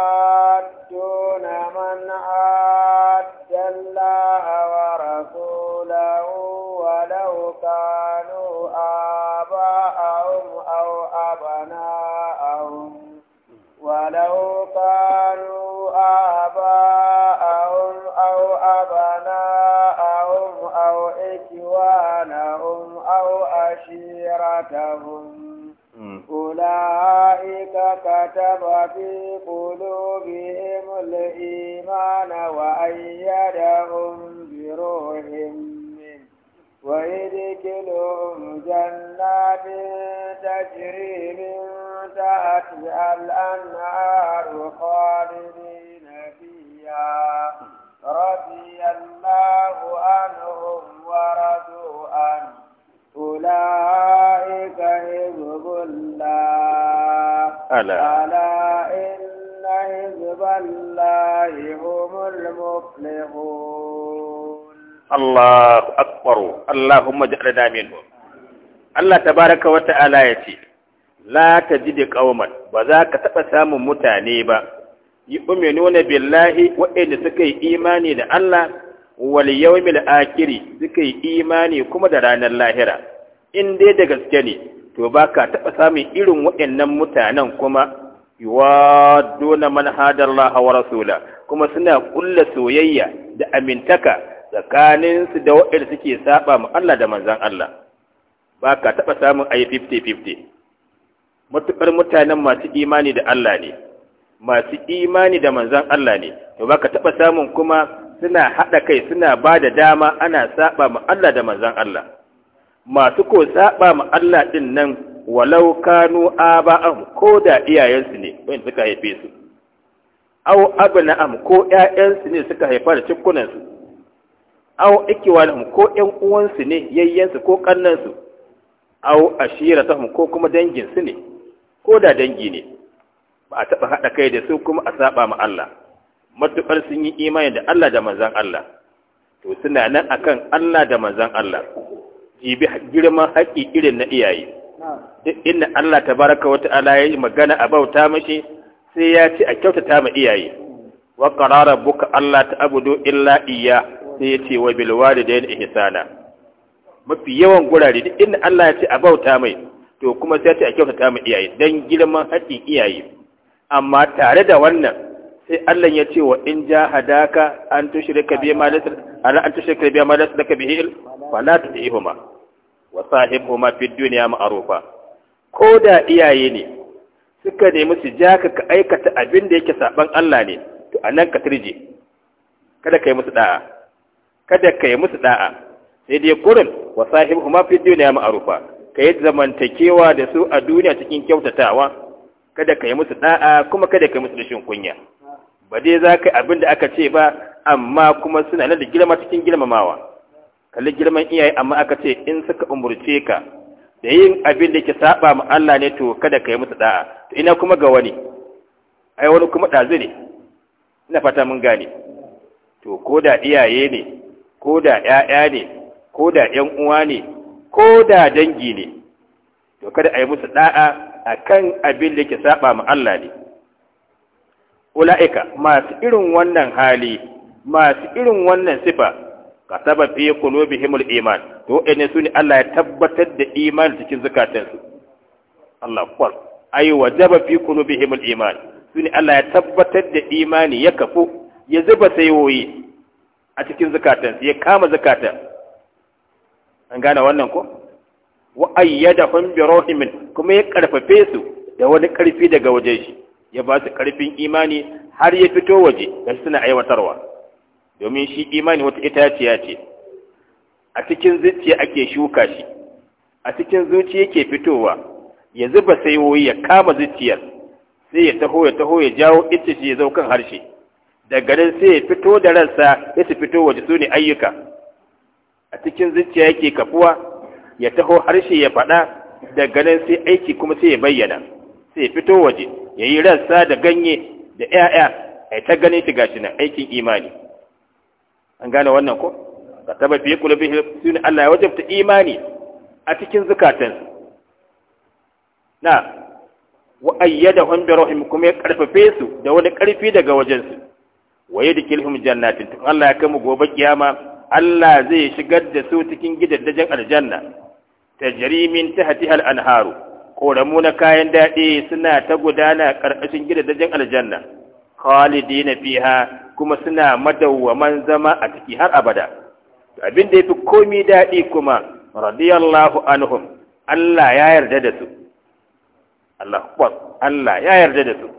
وكتب في قلوبهم الإيمان وأيدهم بروح منه ويدخلهم جنات تجري من تحتها الأنهار ألا إن حزب الله هم المفلحون الله أكبر اللهم اجعلنا منهم الله تبارك وتعالى يتي لا تجد قوما وذاك تفسام متانيبا يؤمنون بالله وإن سكي إيماني لألا واليوم الآخر سكي إيماني كما دران اللاهرة إن دي دقسكني to ba ka taɓa samun irin waɗannan mutanen kuma yuwadduna dona manhajar lahawar rasula kuma suna kulla soyayya da amintaka tsakaninsu da waɗanda suke saba mu Allah da manzan Allah ba ka taɓa samun yi 50-50 matuƙar mutanen masu imani da Allah ne masu imani da manzan Allah ne to ba ka taɓa samun kuma suna haɗa kai suna ba da dama ana saba mu Allah da manzan Allah masu ko saba ma Allah din nan walau kanu aba'an ko da iyayensu ne wanda suka haife su aw abna'am ko iyayensu ne suka haifa da cikkunansu aw ikiwanahum ko ƴan uwansu ne yayyensu ko su aw ashiratahum ko kuma danginsu ne ko da dangi ne ba a taɓa haɗa kai da su kuma a saba ma Allah matuƙar sun yi imani da Allah da manzan Allah to suna nan akan Allah da manzan Allah Jibi girman haƙƙi irin na iyaye duk inda Allah tabaraka wa ta'ala ya magana a bauta mashi sai ya ce a kyautata ma iyaye wa qarara buka Allah ta'budu illa iya sai ya ce wa bil walidayni ihsana mafi yawan gurare duk inda Allah ya ce a bauta mai to kuma sai ya ce a kyautata ma iyaye dan girman haƙƙin iyaye amma tare da wannan sai Allah ya ce wa in ja hadaka an tushrika bi ma laysa an tushrika bi ma laysa bihi wala tudihuma wa ma fi dunya ma'rufa ko da iyaye ne suka nemi su ja ka ka aikata abin da yake saban Allah ne to anan ka turje kada kai musu da'a kada kai musu da'a sai dai gurin wa sahibhuma duniya dunya ma'rufa kai zamantakewa da su a duniya cikin kyautatawa kada kai musu da'a kuma kada kai musu rashin kunya ba dai za ka abin da aka ce ba amma kuma suna nan da girma cikin girmamawa kalli girman iyaye amma aka ce in suka umurce ka da yin abin da ke saba ma Allah ne to kada ka yi musu da'a to ina kuma ga wani ai wani kuma dazu ne ina fata mun gane to ko da iyaye ne ko da ƴaƴa ne ko da ƴan uwa ne ko da dangi ne to kada a yi musu da'a akan abin da ke saba ma Allah ne ula'ika masu irin wannan hali masu irin wannan sifa kataba fi qulubihimul iman to ene sune Allah ya tabbatar da iman cikin zakatansu Allah kwal ay wajaba fi qulubihimul iman sune Allah ya tabbatar da imani ya kafu ya zuba sayoyi a cikin zakatansu ya kama zakata an gane wannan ko wa ayyadahum bi rahimin kuma ya karfafe su da wani karfi daga waje shi ya ba su karfin imani har ya fito waje da suna aiwatarwa domin shi imani wata itaciya ce a cikin zuciya ake shuka shi a cikin zuciya yake fitowa ya zuba saiwoyi ya kama zuciyar sai ya taho ya taho ya jawo ita shi ya zo kan harshe daga nan sai ya fito da ransa ya su fito waje su ne ayyuka a cikin zuciya yake kafuwa ya taho harshe ya faɗa daga nan sai aiki kuma sai ya bayyana sai ya fito waje ya yi ransa da ganye da 'ya'ya a ta ganin shi gashi na aikin imani an gane wannan ko ka taba fi su. sun Allah ya wajabta imani a cikin zukatansu na wa ayyadahum bi rahim kuma ya karfafe su da wani karfi daga wajensu wa yadkhiluhum jannatin to Allah ya mu gobe kiyama Allah zai shigar da su cikin gidajen aljanna tajri min tahtiha al-anharu koramu na kayan daɗi suna ta gudana ƙarƙashin gidajen aljanna khalidina fiha kuma suna madawwaman zama a ciki har abada abin da yafi komai daɗi kuma radiyallahu anhum Allah ya yarda da su Allah Allah ya yarda da su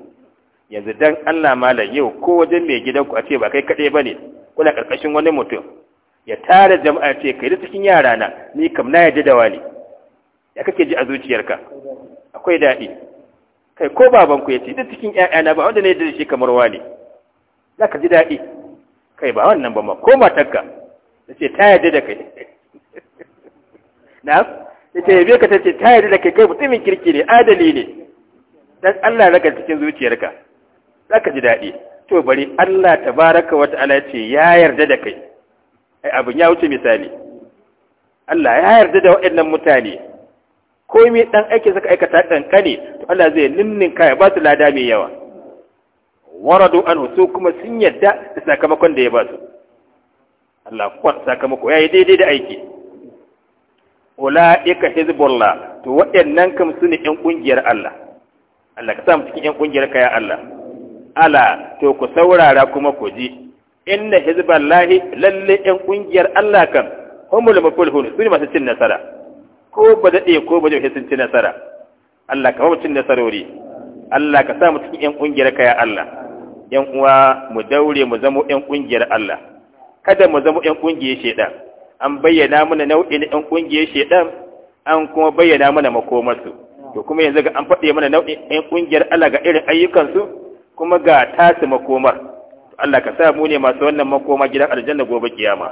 yanzu dan Allah malam yau ko wajen mai gidanku a ce ba kai kaɗai bane kuna karkashin wani mutum ya tare jama'a ce kai da cikin yara na ni kam na yarda da wani ya kake ji a zuciyarka akwai daɗi kai ko babanku ya ce duk cikin ƴaƴana ba wanda ne da shi kamar wani za ka ji daɗi kai ba wannan ba ma ko matarka da ce ta yarda da kai na da ce yabe ka ta ce ta yarda da kai kai mutumin kirki ne adali ne don Allah raga cikin zuciyarka za ka ji daɗi to bari Allah ta baraka wata ala ce ya yarda da kai ai abin ya wuce misali Allah ya yarda da waɗannan mutane komai dan aiki suka aikata ɗanƙa ne to Allah zai ninninka ya ba su lada mai yawa waradu anhu su kuma sun yadda da sakamakon da ya ba su Allah kwan sakamako yayi daidai da aiki ka hizbullah to waɗannan kam su ne ƴan ƙungiyar Allah Allah ka sa mu cikin ƴan ƙungiyar ka ya Allah ala to ku saurara kuma ku ji inna hizballahi lalle ƴan ƙungiyar Allah kam humul mafulhun su ne masu cin nasara ko ba daɗe ko ba jauhe sun ci nasara Allah ka ba mu cin nasarori Allah ka sa mu cikin ƴan ƙungiyar ka ya Allah ‘yan uwa mu daure mu zamo ‘yan ƙungiyar Allah, kada mu zamo ‘yan ƙungiyar shaiɗan, an bayyana mana nau'in ‘yan ƙungiyar shaiɗan, an kuma bayyana mana makomarsu, to kuma yanzu ga an faɗe mana nau'in ‘yan kungiyar Allah ga irin ayyukansu, kuma ga tasu makomar. Allah ka sa mu ne masu wannan makoma gidan aljanna gobe kiyama.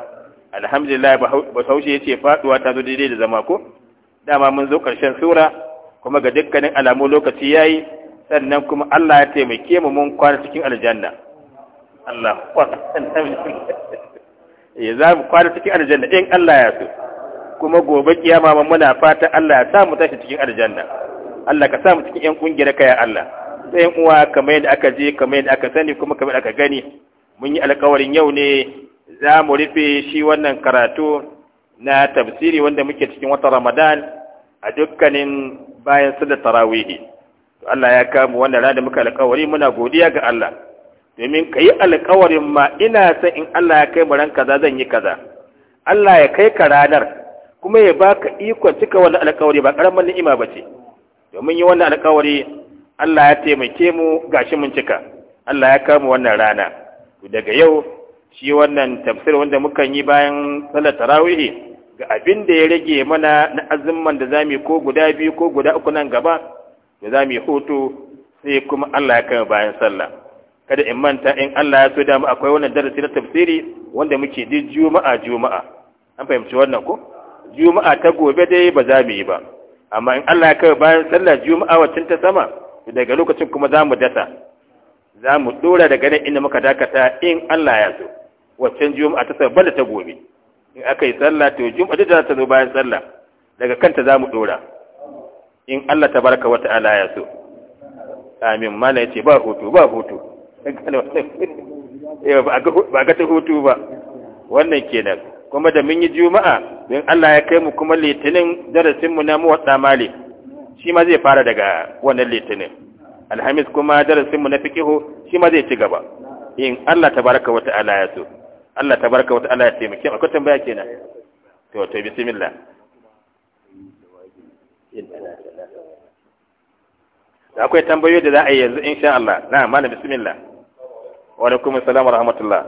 Alhamdulillah ba saushe yace ce faɗuwa ta zo daidai da zama ko? Dama mun zo karshen sura, kuma ga dukkanin alamu lokaci yayi. sannan kuma Allah ya taimake mu mun kwana cikin aljanna Allah ya eh, za mu kwana cikin aljanna in Allah ya so kuma gobe kiyama mun muna fata Allah ya sa mu tashi cikin aljanna Allah ka sa mu cikin yan kungiyar ka ya Allah sai yan uwa kamar yadda aka je kamar yadda aka sani kuma kamar aka gani mun yi alƙawarin yau ne za mu rufe shi wannan karatu na tafsiri wanda muke cikin watan Ramadan a dukkanin bayan sallar tarawihi Allah ya kama wannan rana da muka alƙawari muna godiya ga Allah domin ka yi alƙawarin ma ina son in Allah ya kai mu ran kaza zan yi kaza Allah ya kai ka ranar kuma ya baka ikon cika wani alƙawari ba ƙaramin ni'ima ba ce domin yi wannan alƙawari Allah ya taimake mu gashi mun cika Allah ya kama wannan rana daga yau shi wannan tafsir wanda muka yi bayan salat tarawihi ga abin da ya rage mana na azumman da zamu ko guda biyu ko guda uku nan gaba ya za mu yi hutu sai kuma Allah ya kama bayan sallah kada in manta in Allah ya so da mu akwai wannan darasi na tafsiri wanda muke duk juma'a juma'a an fahimci wannan ko juma'a ta gobe dai ba za mu yi ba amma in Allah ya kama bayan sallah juma'a wacce ta sama daga lokacin kuma za mu dasa za mu dora daga nan inda muka dakata in Allah ya so wacce juma'a ta sama banda ta gobe in aka yi sallah to juma'a ta zo bayan sallah daga kanta za mu dora in Allah ta baraka wa ta'ala ya so amin mala yace ba hutu ba hutu eh, ba ga ta hutu ba wannan kenan kuma da mun yi juma'a in Allah ya kai mu kuma litinin darasin mu na mu wadda mali shi ma zai fara daga wannan litinin alhamis kuma darasin mu na fiqihu shi ma zai ci gaba in Allah baraka wa ta'ala ya so Allah ta baraka wa ta'ala ya taimake mu akwai tambaya kenan to to bismillah akwai tambayoyi da za a yi yanzu insha Allah na amana bismillah wa alaikum assalam wa rahmatullah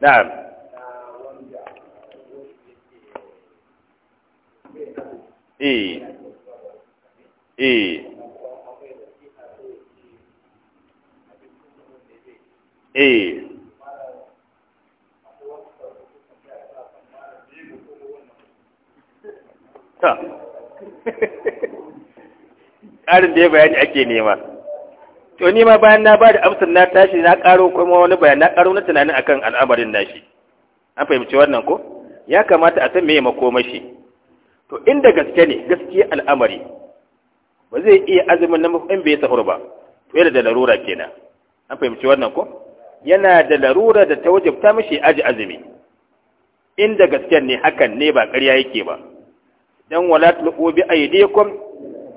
na'am eh eh eh ƙarin da ya bayani ake nema to ni ma bayan na ba da amsar na tashi na ƙaro kuma wani bayan na ƙaro na tunanin akan al'amarin nashi an fahimci wannan ko ya kamata a san me makomashi to inda gaske ne gaskiya al'amari ba zai iya azumin na in bai sahur ba to yana da larura kenan an fahimci wannan ko yana da larura da ta wajabta mishi aji azumi inda gaske ne hakan ne ba ƙarya yake ba dan wala tulqu bi aydikum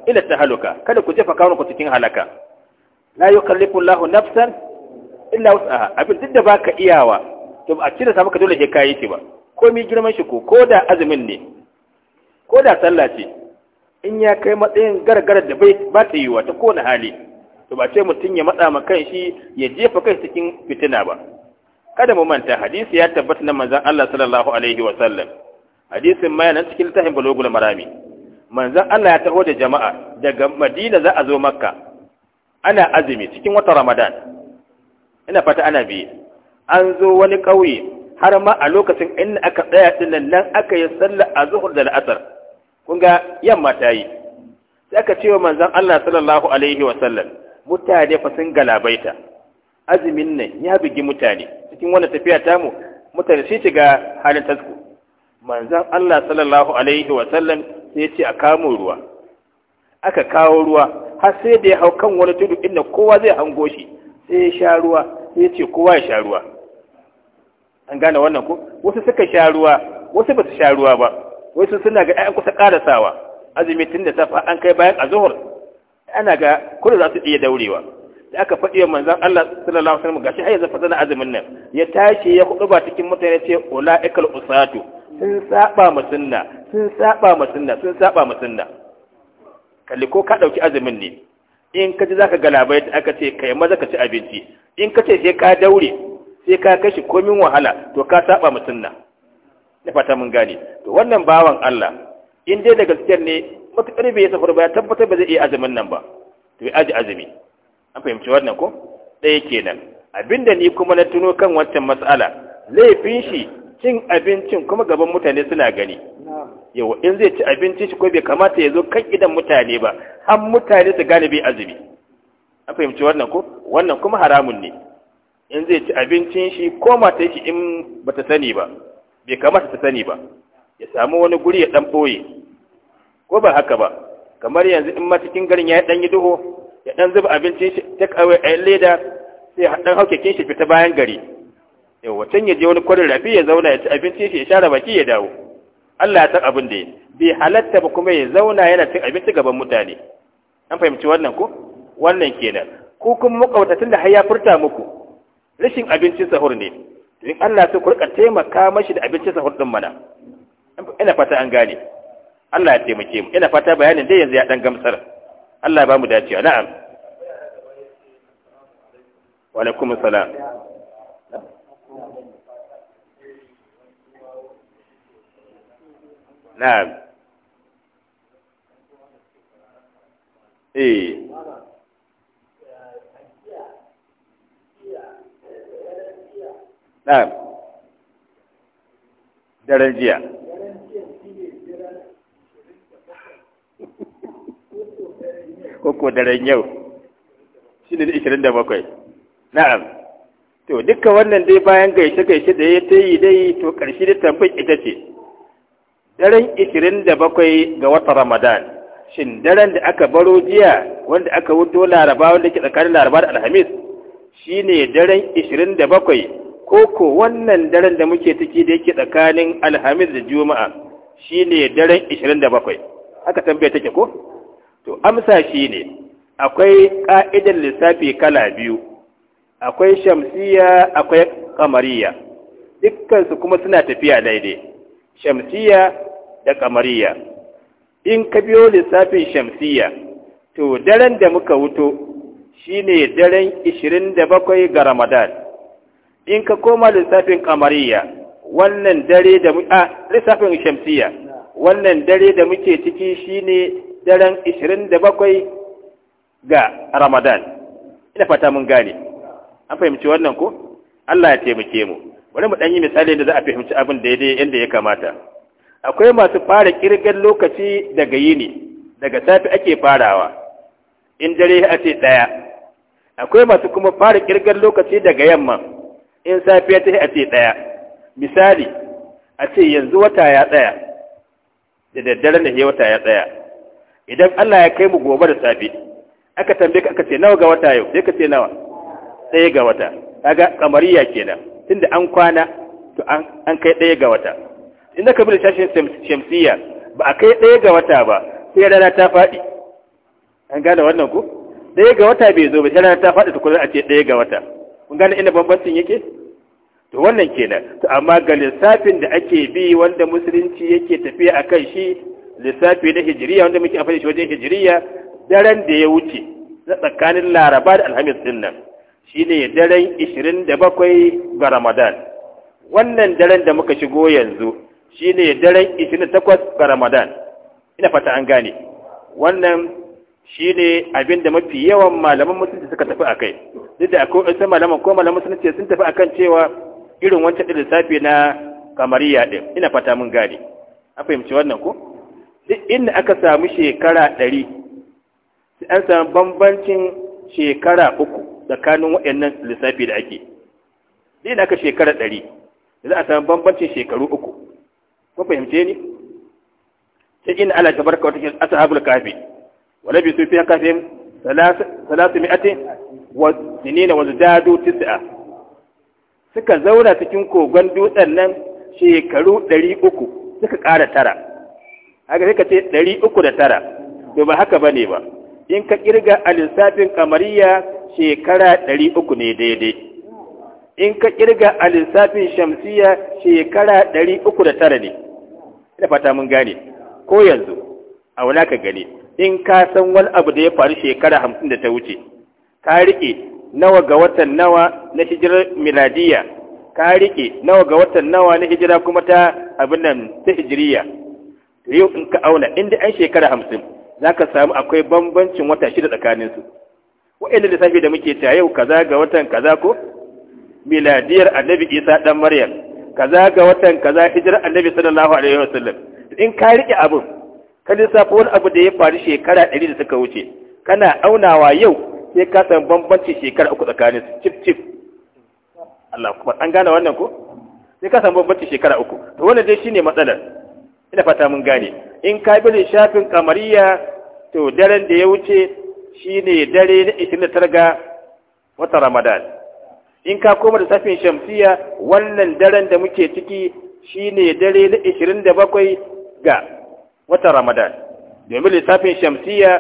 ila tahaluka kada ku jefa kawunku cikin halaka la yukallifu Allahu nafsan illa wus'aha abin duk da baka iyawa to ba a cire sa baka dole sai kai shi ba komai girman shi ko koda azumin ne koda sallah ce in ya kai matsayin gargara da bai ba ta yiwa ta kowane hali to ba ce mutum ya matsa ma kan shi ya jefa kai cikin fitina ba kada mu manta hadisi ya tabbata na manzon Allah sallallahu alaihi wa sallam hadisin mai nan cikin littafin bulugul marami manzon Allah ya taho da jama'a daga Madina za a zo Makka ana azumi cikin watan Ramadan ina fata ana bi an zo wani ƙauye har ma a lokacin in aka tsaya din nan aka yi a zuhur da al'asr kun ga yamma ta yi sai aka ce wa manzon Allah sallallahu alaihi wa sallam mutane fa sun galabaita azumin nan ya bugi mutane cikin wannan tafiya tamu mutane sai shiga halin tasku manzan Allah sallallahu alaihi wasallam sai ya ce a kamo ruwa aka kawo ruwa har sai da ya hau kan wani tudu inda kowa zai hango shi sai ya sha ruwa sai ya ce kowa ya sha ruwa an gane wannan ko wasu suka sha ruwa wasu ba su sha ruwa ba wasu suna ga 'ya'yan kusa karasawa azumi tun da safa an kai bayan azhur ana ga kudu za su iya daurewa da aka faɗi wa manzan Allah sallallahu alaihi wasallam gashi har yanzu fa azumin nan ya tashi ya kudu ba cikin mutane ce ulaikal usatu sun saba ma sunna sun saba ma sunna sun saba ma sunna kalli ko ka dauki azumin ne in ka ji zaka galabai aka ce kai maza ka ci abinci in ka ce sai ka daure sai ka kashi komin wahala to ka saba ma sunna na fata mun gane to wannan bawan Allah in dai da gaskiyar ne matakar bai safar ba ya tabbatar ba zai iya azumin nan ba to ya aji azumi an fahimci wannan ko ɗaya kenan abinda ni kuma na tuno kan wancan matsala laifin shi cin abincin kuma gaban mutane suna gani yau in zai ci abinci shi ko bai kamata ya zo kan idan mutane ba har mutane su gane bai azumi an fahimci wannan ko wannan kuma haramun ne in zai ci abincin shi ko mata shi in bata sani ba bai kamata ta sani ba ya samu wani guri ya dan boye ko ba haka ba kamar yanzu in ma cikin garin ya dan yi duhu ya dan zuba abincin shi take away a leda sai ya dan hauke kin shi fita bayan gari yau ya je wani kwarin rafi ya zauna ya ci abinci shi ya share baki ya dawo Allah ya san abin da ya bai halatta ba kuma ya zauna yana cin abinci gaban mutane an fahimci wannan ko wannan kenan ko kuma makautatun da har ya furta muku rashin abincin sahur ne in Allah sai ku rika taimaka mashi da abincin sahur din mana ina fata an gane Allah ya taimake mu ina fata bayanin dai yanzu ya dan gamsar Allah ya ba mu dacewa na'am wa alaikumus salam na'am eh na'am daren jiya ko ko daren yau shi ne 27 na'am to dukkan wannan dai bayan gaishe gaishe da ya ta yi dai to ƙarshe da tambayi ita ce daren 27 ga watan ramadan shin daren da aka baro jiya wanda aka wuto laraba wanda ke tsakanin laraba da alhamis ne daren 27 Ko wannan daren da muke ciki da yake tsakanin alhamis da juma'a shi ne daren 27 aka tambaye take ko to amsa shine akwai ka'idar lissafi kala biyu akwai shamsiya akwai kamariya dukkansu kuma suna tafiya daidai shamsiya da kamariya in ka biyo lissafin shamsiya to daren da muka wuto shine daren 27 ga ramadan in ka koma lissafin kamariya wannan dare da a lissafin shamsiya wannan dare da muke ciki shine daren 27 ga ramadan ina fata mun gane an fahimci wannan ko Allah ya taimake mu bari mu dan yi misali da za a fahimci abin da yadda ya kamata akwai masu fara kirgan lokaci daga yini daga safi ake farawa in dare a ce daya akwai masu kuma fara kirgan lokaci daga yamma in safiya ta a ce daya misali a ce yanzu wata ya tsaya da daddare ne wata ya tsaya idan Allah ya kai mu gobe da safe aka tambaye ka aka ce nawa ga wata yau sai ka ce nawa ɗaya ga wata kaga kamariya kenan tunda an kwana to an kai ɗaya ga wata in ka bi da shashin shamsiya ba a kai ɗaya ga wata ba sai rana ta faɗi an gane wannan ku ɗaya ga wata bai zo ba sai rana ta faɗi ta kula a ce ɗaya ga wata kun gane ina bambancin yake to wannan kenan to amma ga lissafin da ake bi wanda musulunci yake tafiya a kan shi lissafi na hijiriya wanda muke amfani shi wajen hijiriya daren da ya wuce na tsakanin laraba da alhamis din nan Shi ne daren 27 ga Ramadan wannan daren da muka shigo yanzu shi ne daren 28 ga Ramadan ina fata an gane wannan ne abin da mafi yawan malaman musulunci suka tafi a kai. duk da akwai wasu malaman ko malaman musulunci sun tafi a kan cewa irin wancan da lissafi na kamariya ɗin. ina fata mun gane an fahimci wannan ko duk inda aka samu shekara ɗari an samu bambancin shekara uku tsakanin waɗannan lissafi da ake zai na ka shekara ɗari za a samu bambancin shekaru uku ko fahimce ni sai ina ala ta barka wata ashabul kafi wala bi sufiya kafin salatu mi'atin wa sinina wa zadu tis'a suka zauna cikin kogon dutsen nan shekaru ɗari uku suka ƙara tara haka suka ka ce ɗari uku da tara to ba haka ne ba in ka kirga a lissafin kamariya shekara ɗari uku ne daidai in ka ƙirga a lissafin shamsiya shekara ɗari uku da tara ne ina fata mun gane ko yanzu a wala ka gani in ka san wani abu da ya faru shekara hamsin da ta wuce ka riƙe nawa ga watan nawa na hijirar miladiya ka riƙe nawa ga watan nawa na hijira kuma ta abin nan ta hijiriya yau in ka auna inda an shekara hamsin za ka samu akwai bambancin wata shida tsakaninsu wa'annan lissafi da muke ta yau kaza ga watan kaza ko miladiyar annabi isa dan maryam kaza ga watan kaza hijirar annabi sallallahu alaihi wasallam in ka rike abin ka lissafa wani abu da ya faru shekara ɗari da suka wuce kana aunawa yau sai ka san bambanci shekara uku tsakanin su cif cif Allah kuma an gane wannan ko sai ka san bambanci shekara uku to wannan dai shine matsalar ina fata mun gane in ka bi shafin kamariya to daren da ya wuce Shi ne dare na 29 ga wata Ramadan in ka koma da safin shamsiya wannan daren da muke ciki shi ne dare na 27 ga wata Ramadan domin lissafin shamsiya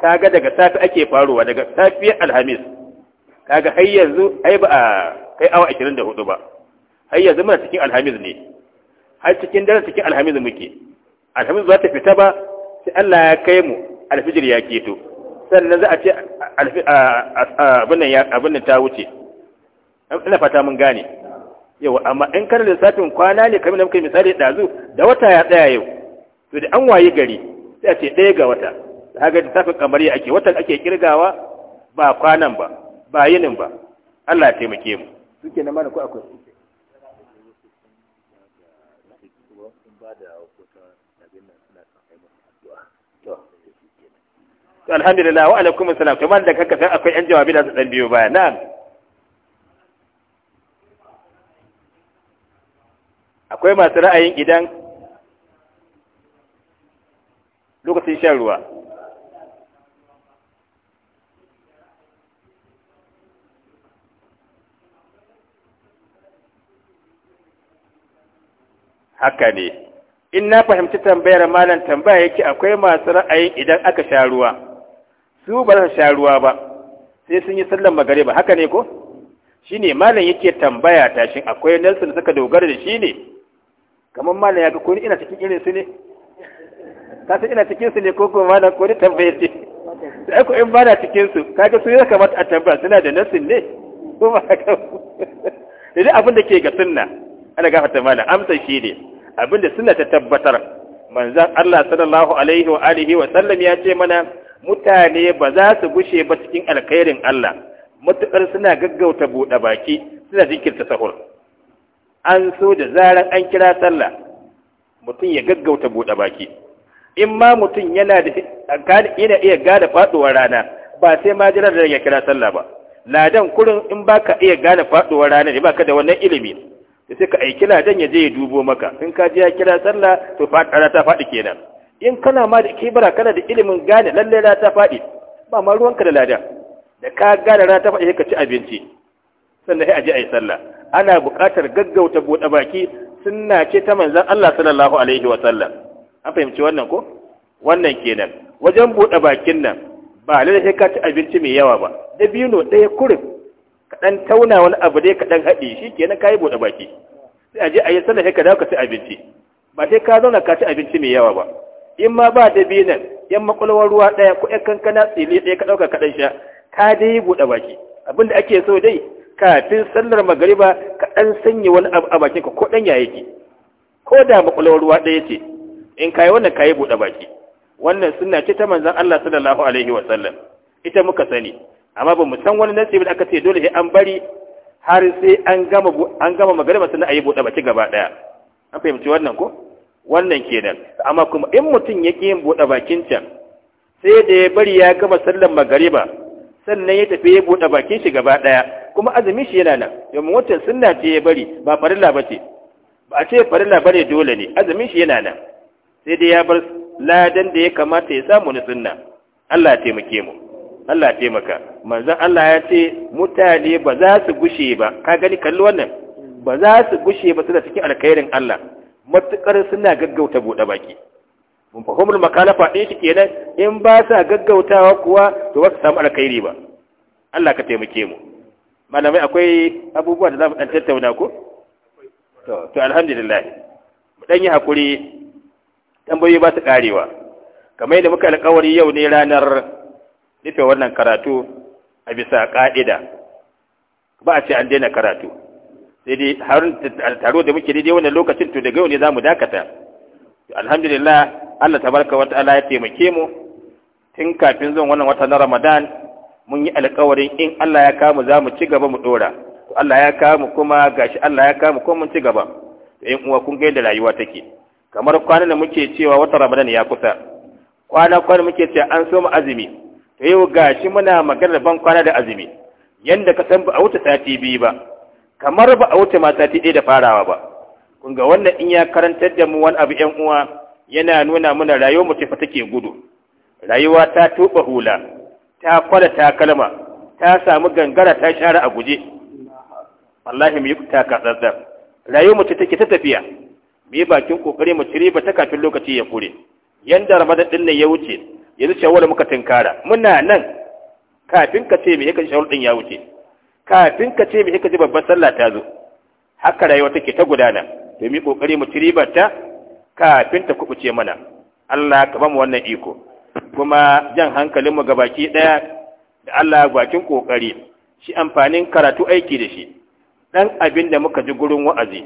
ga daga safi ake faruwa daga safiyar alhamis ga har yanzu ai ba a kai awa 24 ba har yanzu muna cikin alhamis ne har cikin daren cikin alhamis muke alhamis za ta fita ba sai Allah ya kai mu alfijir ya keto sannan za a ce abin ta wuce ina fata mun gane yau amma in kana lissafin kwana ne kamar da muka misali ɗazu da wata ya tsaya yau to da an waye gari sai a ce ɗaya ga wata da da safin kamar ake watan ake kirgawa ba kwanan ba ba yinin ba Allah ya taimake mu suke na mana ku akwai alhamdulillah wa alaikum assalam man da kanka sai akwai yan jawabi da su dan biyo baya na'am akwai masu ra'ayin idan lokacin shan ruwa haka ne in na fahimci tambayar malam tambaya yake akwai masu ra'ayin idan aka sha ruwa su ba su sha ruwa ba sai sun yi sallan ba haka ne ko shine malam yake tambaya ta shi akwai Nelson da suka dogara da shi ne kamar malam ya ga ko ina cikin irin su ne ka san ina cikin su ne ko kuma malam ko ni tambaye ce da aka in ba na cikin su kaga su ya kamata a tambaya suna da nelson ne ko ba haka da duk abin da ke ga sunna ana gafata malam amsa shi ne abin da sunna ta tabbatar manzon Allah sallallahu alaihi wa alihi wa sallam ya ce mana mutane ba za su gushe ba cikin alkhairin Allah matuƙar suna gaggauta buɗe baki suna jinkirta sahur an so da zaran an kira sallah mutum ya gaggauta buɗe baki in ma mutum yana da yana iya gane faɗuwar rana ba sai ma jiran da ya kira sallah ba ladan kurin in baka iya gane faɗuwar rana ne baka da wannan ilimi sai ka aiki ladan ya je ya dubo maka in ka je ya kira sallah to faɗa ta faɗi kenan in kana ma da kibara kana da ilimin gane lalle rana ta faɗi ba ma ruwanka da lada da ka gane rana ta faɗi sai ka ci abinci sannan sai a je a yi sallah ana buƙatar gaggauta buɗe baki sunna ce ta manzon Allah sallallahu alaihi wa sallam an fahimci wannan ko wannan kenan wajen buɗe bakin nan ba lalle sai ka ci abinci mai yawa ba dabino ɗaya kurin Ka dan tauna wani abu dai ka dan haɗi shi kenan ka yi buɗe baki sai a je a yi sallah sai ka dawo ka ci abinci ba sai ka zauna ka ci abinci mai yawa ba in ma ba da binan yan makwalwar ruwa ɗaya ko yan kankana tsili ɗaya ka ɗauka kaɗan sha ka dai buɗe baki abin da ake so dai kafin sallar magariba ka ɗan sanya wani abu a bakinka ko ɗan ya yake ko da makwalwar ruwa ɗaya ce in kayi wannan kayi buɗe baki wannan suna ce ta manzan Allah sallallahu alaihi wa ita muka sani amma ba mu san wani nasibin aka ce dole sai an bari har sai an gama an gama magariba sannan ayi buɗe baki gaba ɗaya an fahimci wannan ko wannan kenan amma kuma in mutum ya ƙi yin buɗe bakin can sai da ya bari ya gama sallar magariba sannan ya tafi ya buɗe bakin shi gaba ɗaya kuma azumin shi yana nan yamma wancan sunna ce ya bari ba farilla ba ce ba a ce farilla ba ne dole ne azumin shi yana nan sai dai ya bar ladan da ya kamata ya samu na sunna Allah ya taimake mu Allah ya taimaka manzon Allah ya ce mutane ba za su gushe ba ka gani kalli wannan ba za su gushe ba suna cikin alkhairin Allah matuƙar suna gaggauta buɗe baki mun fahimul makala faɗe shi kenan in ba sa gaggautawa kuwa to ba su samu alkhairi ba Allah ka taimake mu malamai akwai abubuwa da za mu ɗan tattauna ko to alhamdulillah mu ɗan yi hakuri tambayoyi ba su ƙarewa kamar yadda muka alƙawari yau ne ranar rufe wannan karatu a bisa ƙa'ida ba a ce an daina karatu sai dai har taro da muke daidai wannan lokacin to daga yau ne za mu dakata alhamdulillah Allah tabaraka wa ta'ala ya taimake mu tun kafin zuwan wannan wata na Ramadan mun yi alƙawarin in Allah ya kawo mu za mu ci gaba mu dora to Allah ya kawo mu kuma gashi Allah ya kawo mu kuma mun ci gaba to in uwa kun ga yadda rayuwa take kamar kwana da muke cewa wata Ramadan ya kusa kwana kwana muke cewa an so mu azumi to yau gashi muna maganar ban kwana da azumi yanda ka san ba a wuta sati biyu ba kamar ba a wuce mata ta da farawa ba kun ga wannan in ya karantar da mu wani abu ƴan uwa yana nuna mana rayuwar mu tafi take gudu rayuwa ta tuɓa hula ta kwada takalma ta samu gangara ta share a guje wallahi mu yi taka tsantsan rayuwar mu take ta tafiya Me bakin kokari mu cire ba ta kafin lokaci ya kure yanda ramadan din nan ya wuce yanzu shawara muka tinkara muna nan kafin ka ce me yake shawara din ya wuce kafin ka ce mai ka ji babban sallah ta zo haka rayuwa take ta gudana domin kokari mu ci ta kafin ta kubuce mana Allah ka ba wannan iko kuma jan hankalin mu baki daya da Allah bakin kokari shi amfanin karatu aiki da shi dan abin da muka ji gurin wa'azi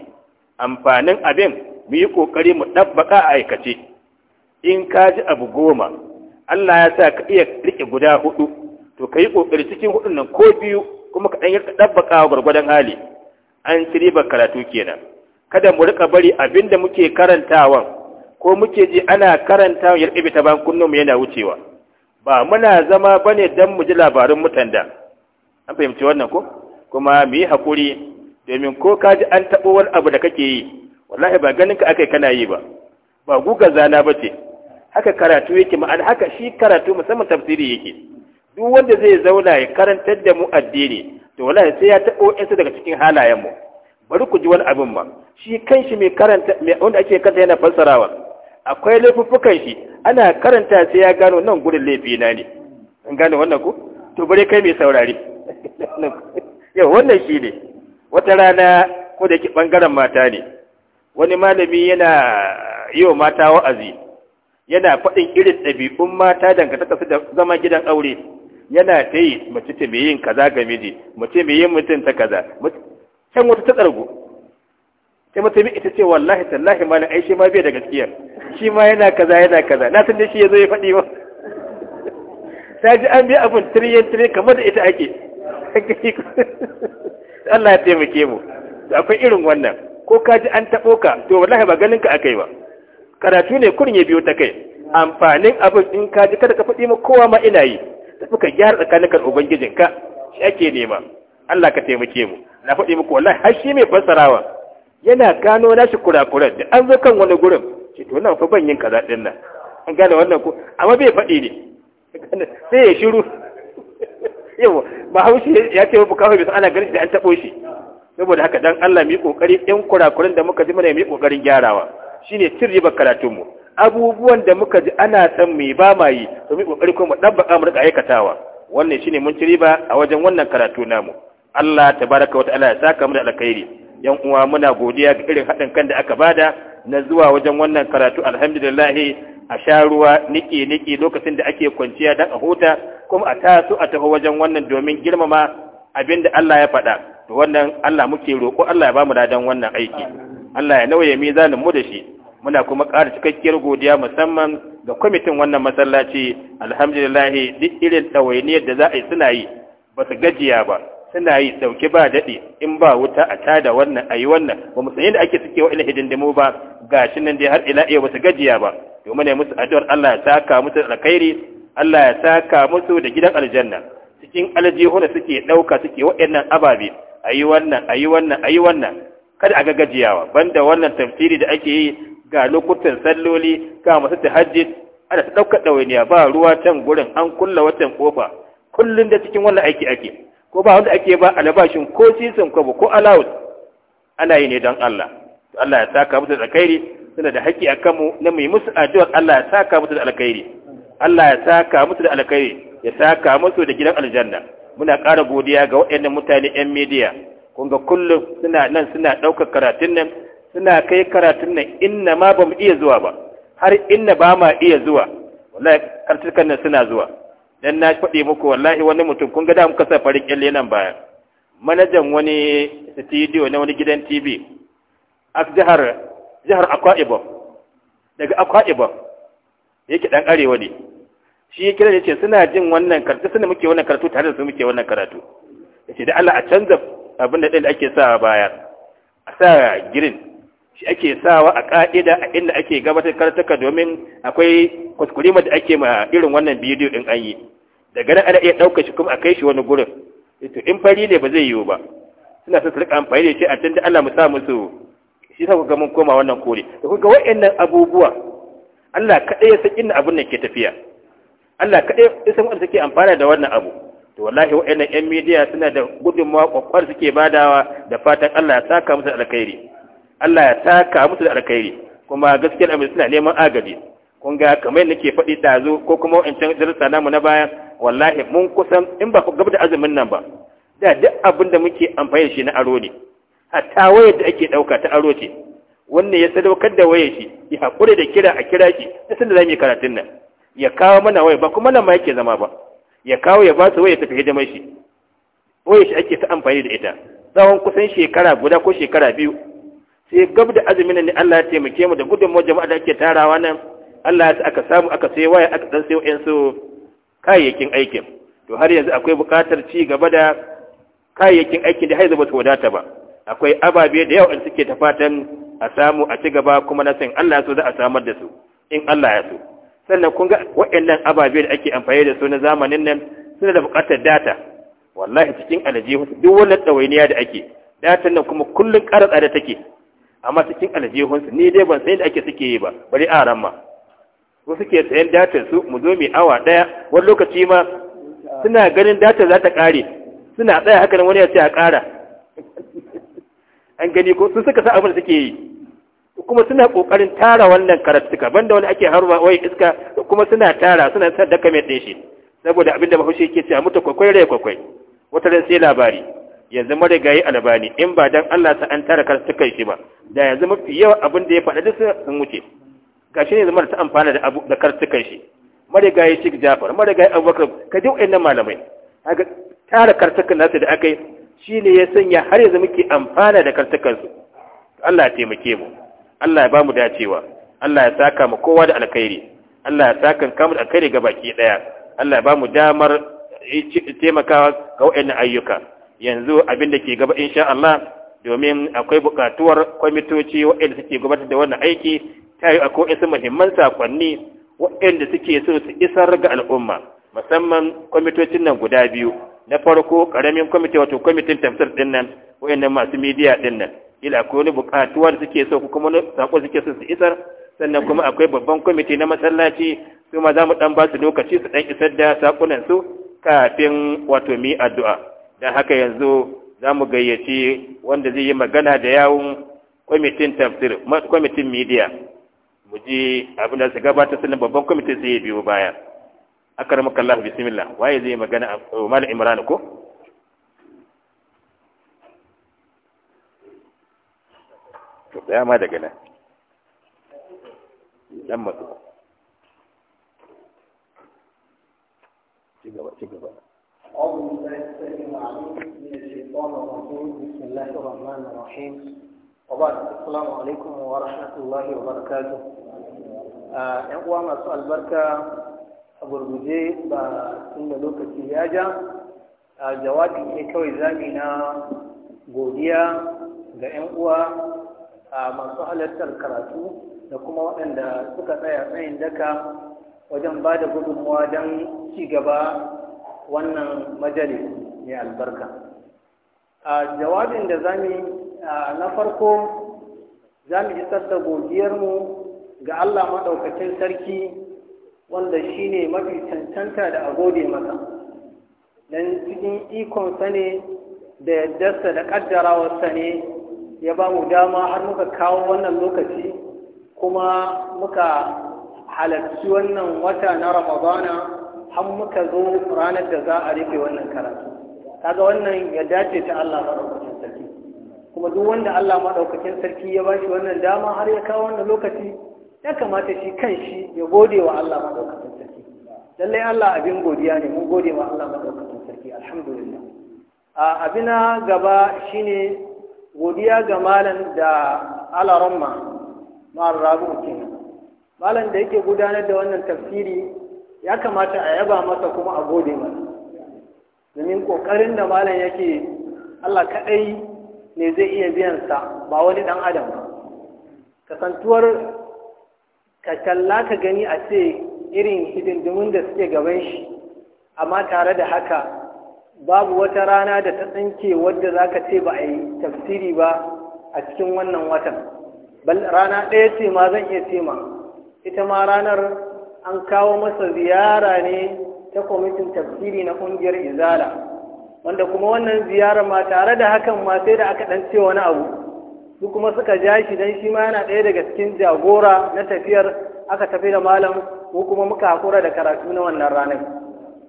amfanin abin mu yi kokari mu dabbaka a aikace in ka ji abu goma Allah ya sa ka iya rike guda hudu to ka yi kokari cikin hudun nan ko biyu kuma ka ya ɗabbaka wa gwargwadon hali an ci ba karatu kenan kada mu rika bari abin da muke karantawan ko muke ji ana karanta ya rika ta bayan mu yana wucewa ba muna zama bane dan mu ji labarin mutan da an fahimci wannan ko kuma mu yi hakuri domin ko ka ji an taɓo wani abu da kake yi wallahi ba ganin ka akai kana yi ba ba guga zana ba ce haka karatu yake ma'ana haka shi karatu musamman tafsiri yake duk wanda zai zauna ya karantar da mu addini to wallahi sai ya tabo yansu daga cikin halayen mu bari ku ji wani abin ma shi kanshi mai karanta wanda ake kanta yana fassarawa akwai laifuffukan shi ana karanta sai ya gano nan gurin laifi na ne an gane wannan ku to bare kai mai saurari. yau wannan shi ne wata rana ko da ke bangaren mata ne wani malami yana yi wa mata wa'azi yana faɗin irin ɗabi'un mata dangantaka su da zama gidan aure yana ta yi mace ta mai yin kaza ga miji mace mai yin mutunta kaza can wata ta tsargo sai mace mai ita ce wallahi tallahi ma na shi ma bai da gaskiya shi ma yana kaza yana kaza na san da shi zo ya faɗi ba ta ji an bi abin tiriyan tiriyan kamar da ita ake Allah ya taimake mu akwai irin wannan ko ka ji an taɓo ka to wallahi ba ganin ka akai ba karatu ne kurin ya biyo ta kai amfanin abin in ka ji kada ka faɗi ma kowa ma ina yi tafi ka gyara tsakanin da ubangijinka shi ake nema Allah ka taimake mu na faɗi muku wallahi har shi mai fassarawa yana gano nashi kurakuran da an zo kan wani gurin shi to nan fa ban yin kaza din nan an gane wannan ko amma bai faɗi ne sai ya shiru yawa ba haushi ya ce muku kawai bisa ana ganin da an taɓo shi saboda haka dan Allah mu yi kokari ɗin kurakuran da muka ji mana mu yi kokarin gyarawa shine cin ribar mu abubuwan da muka ji ana san mai ba ma yi to mu kokari kuma dabbaka mu rika aikatawa wannan shine mun ci riba a wajen wannan karatu namu Allah tabaraka wataala ya saka mu da alkhairi yan uwa muna godiya ga irin haɗin kan da aka bada na zuwa wajen wannan karatu alhamdulillah a sha ruwa niki niki lokacin da ake kwanciya da a huta kuma a taso a taho wajen wannan domin girmama abin da Allah ya faɗa to wannan Allah muke roƙo Allah ya ba bamu ladan wannan aiki Allah ya nauye mizanin mu da shi muna kuma ƙara cikakkiyar godiya musamman ga kwamitin wannan masallaci alhamdulillah duk irin ɗawainiyar da za a yi suna yi ba su gajiya ba suna yi sauki ba daɗe in ba wuta a tada wannan a yi wannan ba mu san yadda ake suke wa'ina hidindimu ba ga shi nan dai har ila iya ba su gajiya ba domin ne musu addu'ar Allah ya saka musu alkhairi Allah ya saka musu da gidan aljanna cikin aljihuna suke ɗauka suke wa'annan ababe a yi wannan a yi wannan a yi wannan kada a ga gajiyawa banda wannan tafsiri da ake yi ga lokutan salloli ga masu tahajjud ana ta ɗaukar ɗawainiya ba ruwa can gurin an kulla watan kofa kullum da cikin wannan aiki ake ko ba wanda ake ba albashin ko sisin kwabo ko alawus ana yi ne don Allah Allah ya saka musu da alkhairi suna da haƙƙi a kanmu na mai musu addu'ar Allah ya saka musu da alkhairi Allah ya saka musu da alkhairi ya saka musu da gidan aljanna muna ƙara godiya ga waɗannan mutane 'yan midiya kun ga kullum suna nan suna ɗaukar karatun nan suna kai karatun nan inna ma ba mu iya zuwa ba har inna ba ma iya zuwa wallahi kartukan nan suna zuwa dan na faɗi muku wallahi wani mutum kun ga da muka sa farin kyalle nan baya manajan wani studio na wani gidan TV a jihar jihar Akwa Ibom daga Akwa Ibom yake dan arewa ne shi ya kira yace suna jin wannan karatu suna muke wannan karatu tare da su muke wannan karatu yace da Allah a canza abin da ake sa baya a sa girin. ake sawa a ka'ida a inda ake gabatar karataka domin akwai kuskurima da ake ma irin wannan bidiyo din an yi daga nan ana iya ɗaukar shi kuma a kai shi wani gurin eh to in fari ne ba zai yiwu ba suna son su rika amfani da shi a can da Allah mu sa musu shi sa kuka mun koma wannan kore da kuka wa'annan abubuwa Allah kaɗai ya san inda abin nan ke tafiya Allah kaɗai ya san wanda suke amfana da wannan abu to wallahi wa'annan yan midiya suna da gudunmawa kwakwar suke badawa da fatan Allah ya saka musu alkhairi Allah ya taka musu da alkhairi kuma gaskiyar abin suna neman agaji kun ga kamar nake faɗi ɗazu ko kuma in wancan darussa namu na baya wallahi mun kusan in ba ku gaba da azumin nan ba da duk abin da muke amfani da shi na aro ne hatta wayar da ake ɗauka ta aro ce wannan ya sadaukar da wayar shi ya haƙuri da kira a kira shi da sanda za mu yi karatun nan ya kawo mana waya ba kuma nan ma yake zama ba ya kawo ya ba su waya tafi hidima shi wayar shi ake ta amfani da ita tsawon kusan shekara guda ko shekara biyu sai gab da azumin ne Allah ya taimake mu da mu jama'a da ake tarawa nan Allah ya aka samu aka sai waya aka dan sai wayan su kayayyakin aikin to har yanzu akwai buƙatar ci gaba da kayayyakin aikin da har yanzu ba su wadata ba akwai ababe da yawa in suke ta fatan a samu a ci gaba kuma na san Allah ya so za a samar da su in Allah ya so sannan kun ga waɗannan ababe da ake amfani da su na zamanin nan suna da buƙatar data wallahi cikin aljihu duk wannan ɗawainiya da ake datan nan kuma kullum ƙara tsada take amma cikin aljihunsu ni dai ban san da ake suke yi ba bari a ran ma ko suke sayan datar su mu zo mu awa daya wani lokaci ma suna ganin datar za ta kare suna tsaya haka nan wani ya ce a kara an gani ko sun suka sa abin da suke yi kuma suna kokarin tara wannan karatuka banda wani ake harba wai iska kuma suna tara suna sadaka mai din saboda abin da bahaushe yake cewa mutu kwakwai rai kwakwai wata ran sai labari yanzu marigayi albani in ba dan Allah ta an tara kar suka shi ba da yanzu mafi yawa abin da ya faɗa duk sun wuce gashi ne zama ta amfana da abu da kar suka shi marigayi shi Jafar marigayi Abubakar ka ji wayannan malamai haka tara suka nasu da akai shine ya sanya har yanzu muke amfana da suka su Allah ya taimake mu Allah ya bamu dacewa Allah ya saka mu kowa da alkhairi Allah ya saka mu da alkhairi ga baki daya Allah ya bamu damar eh, taimakawa ga wayannan ayyuka yanzu abin da ke gaba insha Allah domin akwai bukatuwar kwamitoci waɗanda suke gabatar da wannan aiki ta yi akwai wasu muhimman sakonni waɗanda suke so su isar ga al'umma musamman kwamitocin nan guda biyu na farko karamin kwamiti wato kwamitin tafsir din nan wayannan masu midiya din nan ila akwai wani bukatuwa da suke so kuma wani sako suke so su isar sannan kuma akwai babban kwamiti na masallaci su ma za mu ɗan ba su lokaci su ɗan isar da sakunan su kafin wato mi addu'a don haka yanzu za mu gayyaci wanda zai yi magana da yawun kwamitin tafsir kwamitin media mu ji abin da su gabata sannan babban kwamitin sai ya biyo baya akar maka Allah bismillah waye zai yi magana a oh, malam Imran ko to daya ma daga nan dan matsu ci gaba ci gaba أعوذ بالله wa العليم wa الشيطان ‘yan uwa masu albarka a gurguje ba tun lokaci ya ja jawabi ne kawai zami na godiya ga ‘yan uwa masu halartar karatu da kuma waɗanda suka tsaya tsayin daka wajen ba da gudunmuwa don ci gaba wannan majali ne albarka a jawabin da za na farko za isar da godiyarmu ga Allah maɗaukacin sarki wanda shi ne mafi tantanta da a gode masa don cikin ikonsa ne da yaddarsa da ƙaddarawarsa ne ya ba mu dama har muka kawo wannan lokaci kuma muka halarci wannan wata na ramadana An muka zo ranar da za a rufe wannan karatu kaga wannan ya dace ta Allah madaukakin sarki kuma duk wanda Allah madaukakin sarki ya bashi wannan dama har ya kawo wannan lokaci ya kamata shi kan shi ya gode wa Allah madaukakin sarki lallai Allah abin godiya ne mun gode wa Allah madaukakin sarki alhamdulillah a abina gaba shine godiya ga malam da alaramma ma'ar rabu kenan malam da yake gudanar da wannan tafsiri ya kamata a yaba masa kuma a gode masa domin kokarin da malam yake Allah kaɗai ne zai iya biyan sa ba wani dan adam ba kasantuwar ka talla ka gani a ce irin hidindimin da suke gaban shi amma tare da haka babu wata rana da ta tsanke wadda za ka ce ba a yi tafsiri ba a cikin wannan watan rana ɗaya ce ma zan iya ce ma ita ma ranar an kawo masa ziyara ne ta kwamitin tafsiri na ƙungiyar izala wanda kuma wannan ziyara ma tare da hakan ma sai da aka ɗan ce wani abu su kuma suka ja shi don shi ma yana ɗaya daga cikin jagora na tafiyar aka tafi da malam ko kuma muka haƙura da karatu na wannan ranar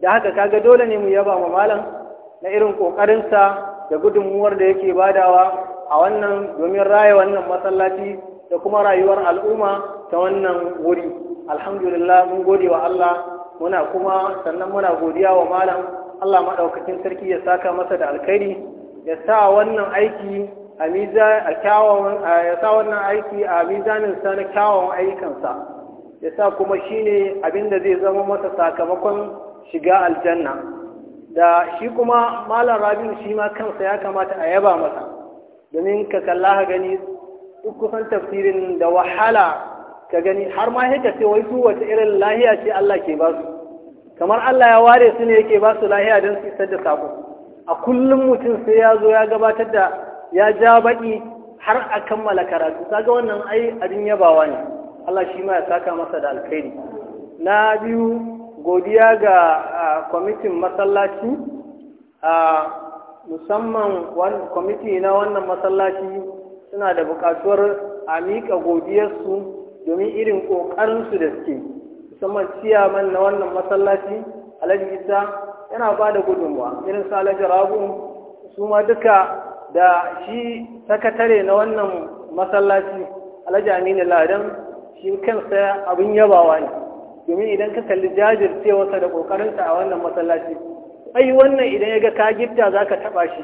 da haka kaga dole ne mu yaba ma malam na irin ƙoƙarinsa da gudunmuwar da yake badawa a wannan domin raya wannan masallaci da kuma rayuwar al'umma ta wannan wuri alhamdulillah mun gode wa Allah muna kuma sannan muna godiya wa malam Allah maɗaukacin sarki ya saka masa da alkhairi ya sa wannan aiki a ya sa wannan aiki a na kyawawan sa ya sa kuma shine abinda zai zama masa sakamakon shiga aljanna da shi kuma malam rabiu shi ma kansa ya kamata a yaba masa domin ka kalla gani duk kusan tafsirin da wahala ka gani har ma yake ce wai su wace irin lahiya ce Allah ke ba su kamar Allah ya ware su ne yake ba su lahiya don su isar da sako a kullum mutum sai ya zo ya gabatar da ya ja baki har a kammala karatu kaga wannan ai abin yabawa ne Allah shi ma ya saka masa da alkhairi na biyu godiya ga kwamitin masallaci musamman kwamiti na wannan masallaci suna da buƙatuwar a miƙa godiyarsu domin irin ƙoƙarinsu da suke musamman ciyaman na wannan masallaci alhaji isa yana ba da gudunmuwa irin su alhaji rabu su ma duka da shi sakatare na wannan masallaci alhaji aminu ladan shi saya abin yabawa ne domin idan ka kalli jajircewarsa da ƙoƙarinsa a wannan masallaci ai wannan idan ya ga ka gifta za ka taɓa shi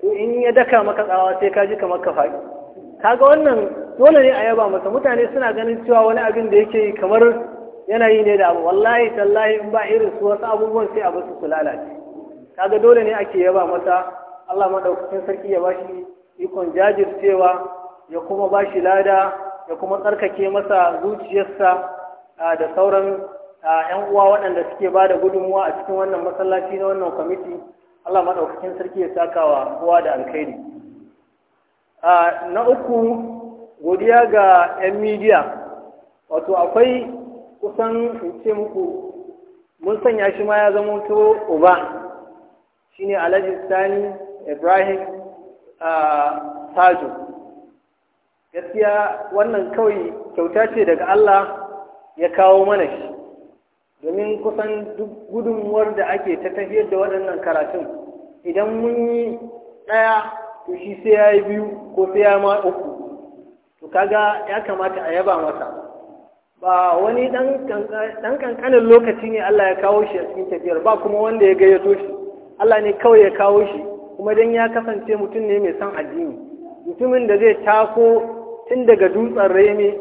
to in ya daka maka tsawa sai ka ji kamar ka faɗi kaga wannan dole ne a yaba masa mutane suna ganin cewa wani abin da yake kamar yanayi ne da abu wallahi tallahi in ba irin su wasu abubuwan sai a basu su lalace kaga dole ne ake yaba masa Allah madaukakin sarki ya bashi ikon jajircewa ya kuma bashi lada ya kuma tsarkake masa zuciyarsa da sauran ‘yan uwa waɗanda suke ba da gudunmuwa a cikin wannan masallaci na wannan kwamiti Allah maɗaukakin sarki ya saka wa kowa da alkhairi. na uku godiya ga 'yan midiya wato akwai kusan ce muku mun sanya shi ma ya zama to uba shine alhaji sani ibrahim sajo gaskiya wannan kawai kyauta ce daga allah ya kawo mana shi domin kusan duk gudunmuwar da ake ta tafiyar da waɗannan karatun idan mun yi ɗaya to shi sai ya yi biyu ko sai ya ma uku to kaga ya kamata a yaba masa ba wani dan kankanin lokaci ne Allah ya kawo shi a cikin tafiyar ba kuma wanda ya gayyato shi Allah ne kawai ya kawo shi kuma dan ya kasance mutum ne mai son addini mutumin da zai tako tun daga dutsen reme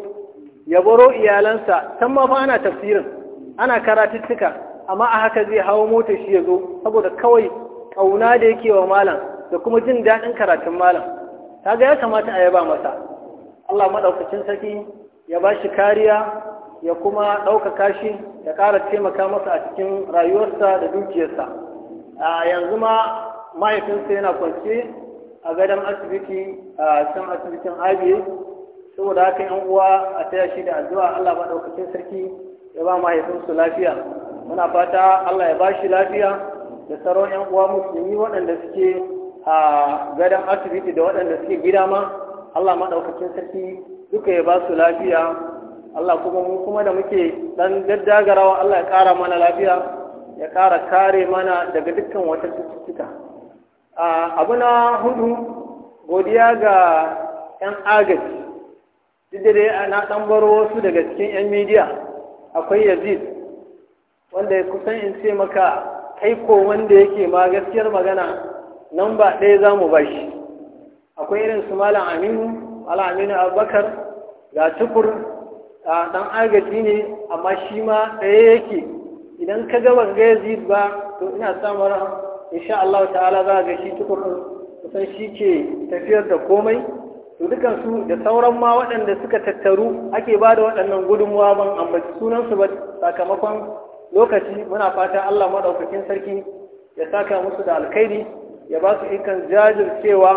ya baro iyalansa can ma ana tafsirin ana karatuttuka amma a haka zai hawo motar shi ya zo saboda kawai ƙauna da yake wa malam da kuma jin daɗin karatun malam Ta ga ya kamata a yaba masa Allah maɗaukacin sarki ya ba shi kariya ya kuma ɗaukaka shi ya ƙara taimaka masa a cikin rayuwarsa da dukiyarsa a yanzu ma mahaifinsa yana kwance a gadon asibiti a can asibitin abiye saboda haka yan uwa a taya shi da addu'a Allah maɗaukacin sarki ya ba mahaifinsu lafiya muna fata Allah ya ba shi lafiya da sauran yan uwa musulmi waɗanda suke a gadon asibiti da waɗanda suke gida ma Allah maɗaukacin sarki duka ya ba su lafiya Allah kuma mu kuma da muke ɗan daddagarawa Allah ya ƙara mana lafiya ya ƙara kare mana daga dukkan wata cututtuka abu na hudu godiya ga 'yan agaji duk da dai na ɗan baro wasu daga cikin 'yan midiya akwai yazid wanda ya kusan in ce maka aiko wanda yake ma gaskiyar magana nan ba ɗaya za mu ba shi akwai irin su malam aminu malam aminu abubakar ga tukur ɗan agaji ne amma shi ma ɗaya yake idan ka ga ban ga yazid ba to ina samun insha Allah ta'ala za ga shi tukur kusan shi ke tafiyar da komai to dukansu da sauran ma waɗanda suka tattaru ake ba da waɗannan gudunmuwa ban sunansu ba sakamakon lokaci muna fata Allah maɗaukakin sarki ya saka musu da alkhairi ya ba su ikon jajircewa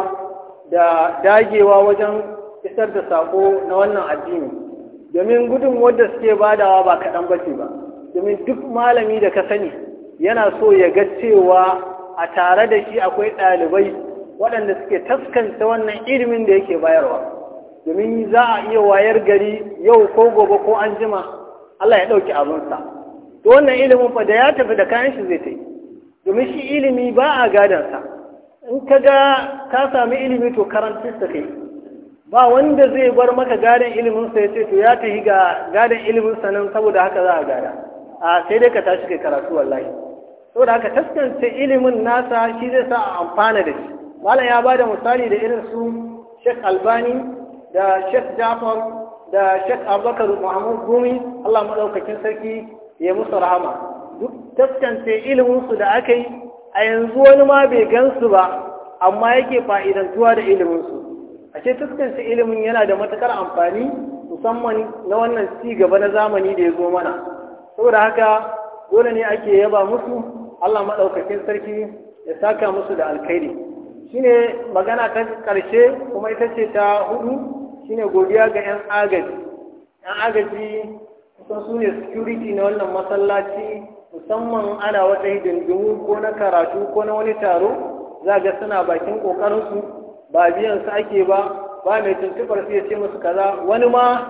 da dagewa wajen isar da sako na wannan addini domin gudun wadda suke badawa ba kaɗan ba ba domin duk malami da ka sani yana so ya ga cewa a tare da shi akwai ɗalibai waɗanda suke taskanta wannan ilimin da yake bayarwa domin za a iya wayar gari yau ko gobe ko an jima Allah ya ɗauki abinsa to wannan ilimin fa da ya tafi da kayan shi zai ta yi domin shi ilimi ba a gadansa in ka ga ka sami ilimi to karantar sa kai ba wanda zai bar maka gadon ilimin sa yace to ya tafi ga gadon ilimin sa nan saboda haka za a gada a sai dai ka tashi kai karatu wallahi saboda haka taskance ilimin nasa shi zai sa a amfana da shi malam ya bada misali da irin su Sheikh Albani da Sheikh Jafar da Sheikh Abubakar Muhammad Gumi Allah madaukakin sarki ya musu rahama duk taskance ilimin su da aka yi a yanzu wani ma bai gansu ba amma yake fa'idantuwa da iliminsu a ce tuskansu ilimin yana da matakar amfani musamman na wannan ci gaba na zamani da ya zo mana saboda haka dole ne ake yaba musu allah maɗaukakin sarki ya saka musu da alkhairi shine magana ta ƙarshe kuma ita ce ta hudu shine godiya ga 'yan agaji 'yan agaji kusan su ne security na wannan masallaci musamman ana wata hidindimu ko na karatu ko na wani taro za ga suna bakin kokarinsu ba biyan su ake ba ba mai tuntuɓar su ya ce musu kaza wani ma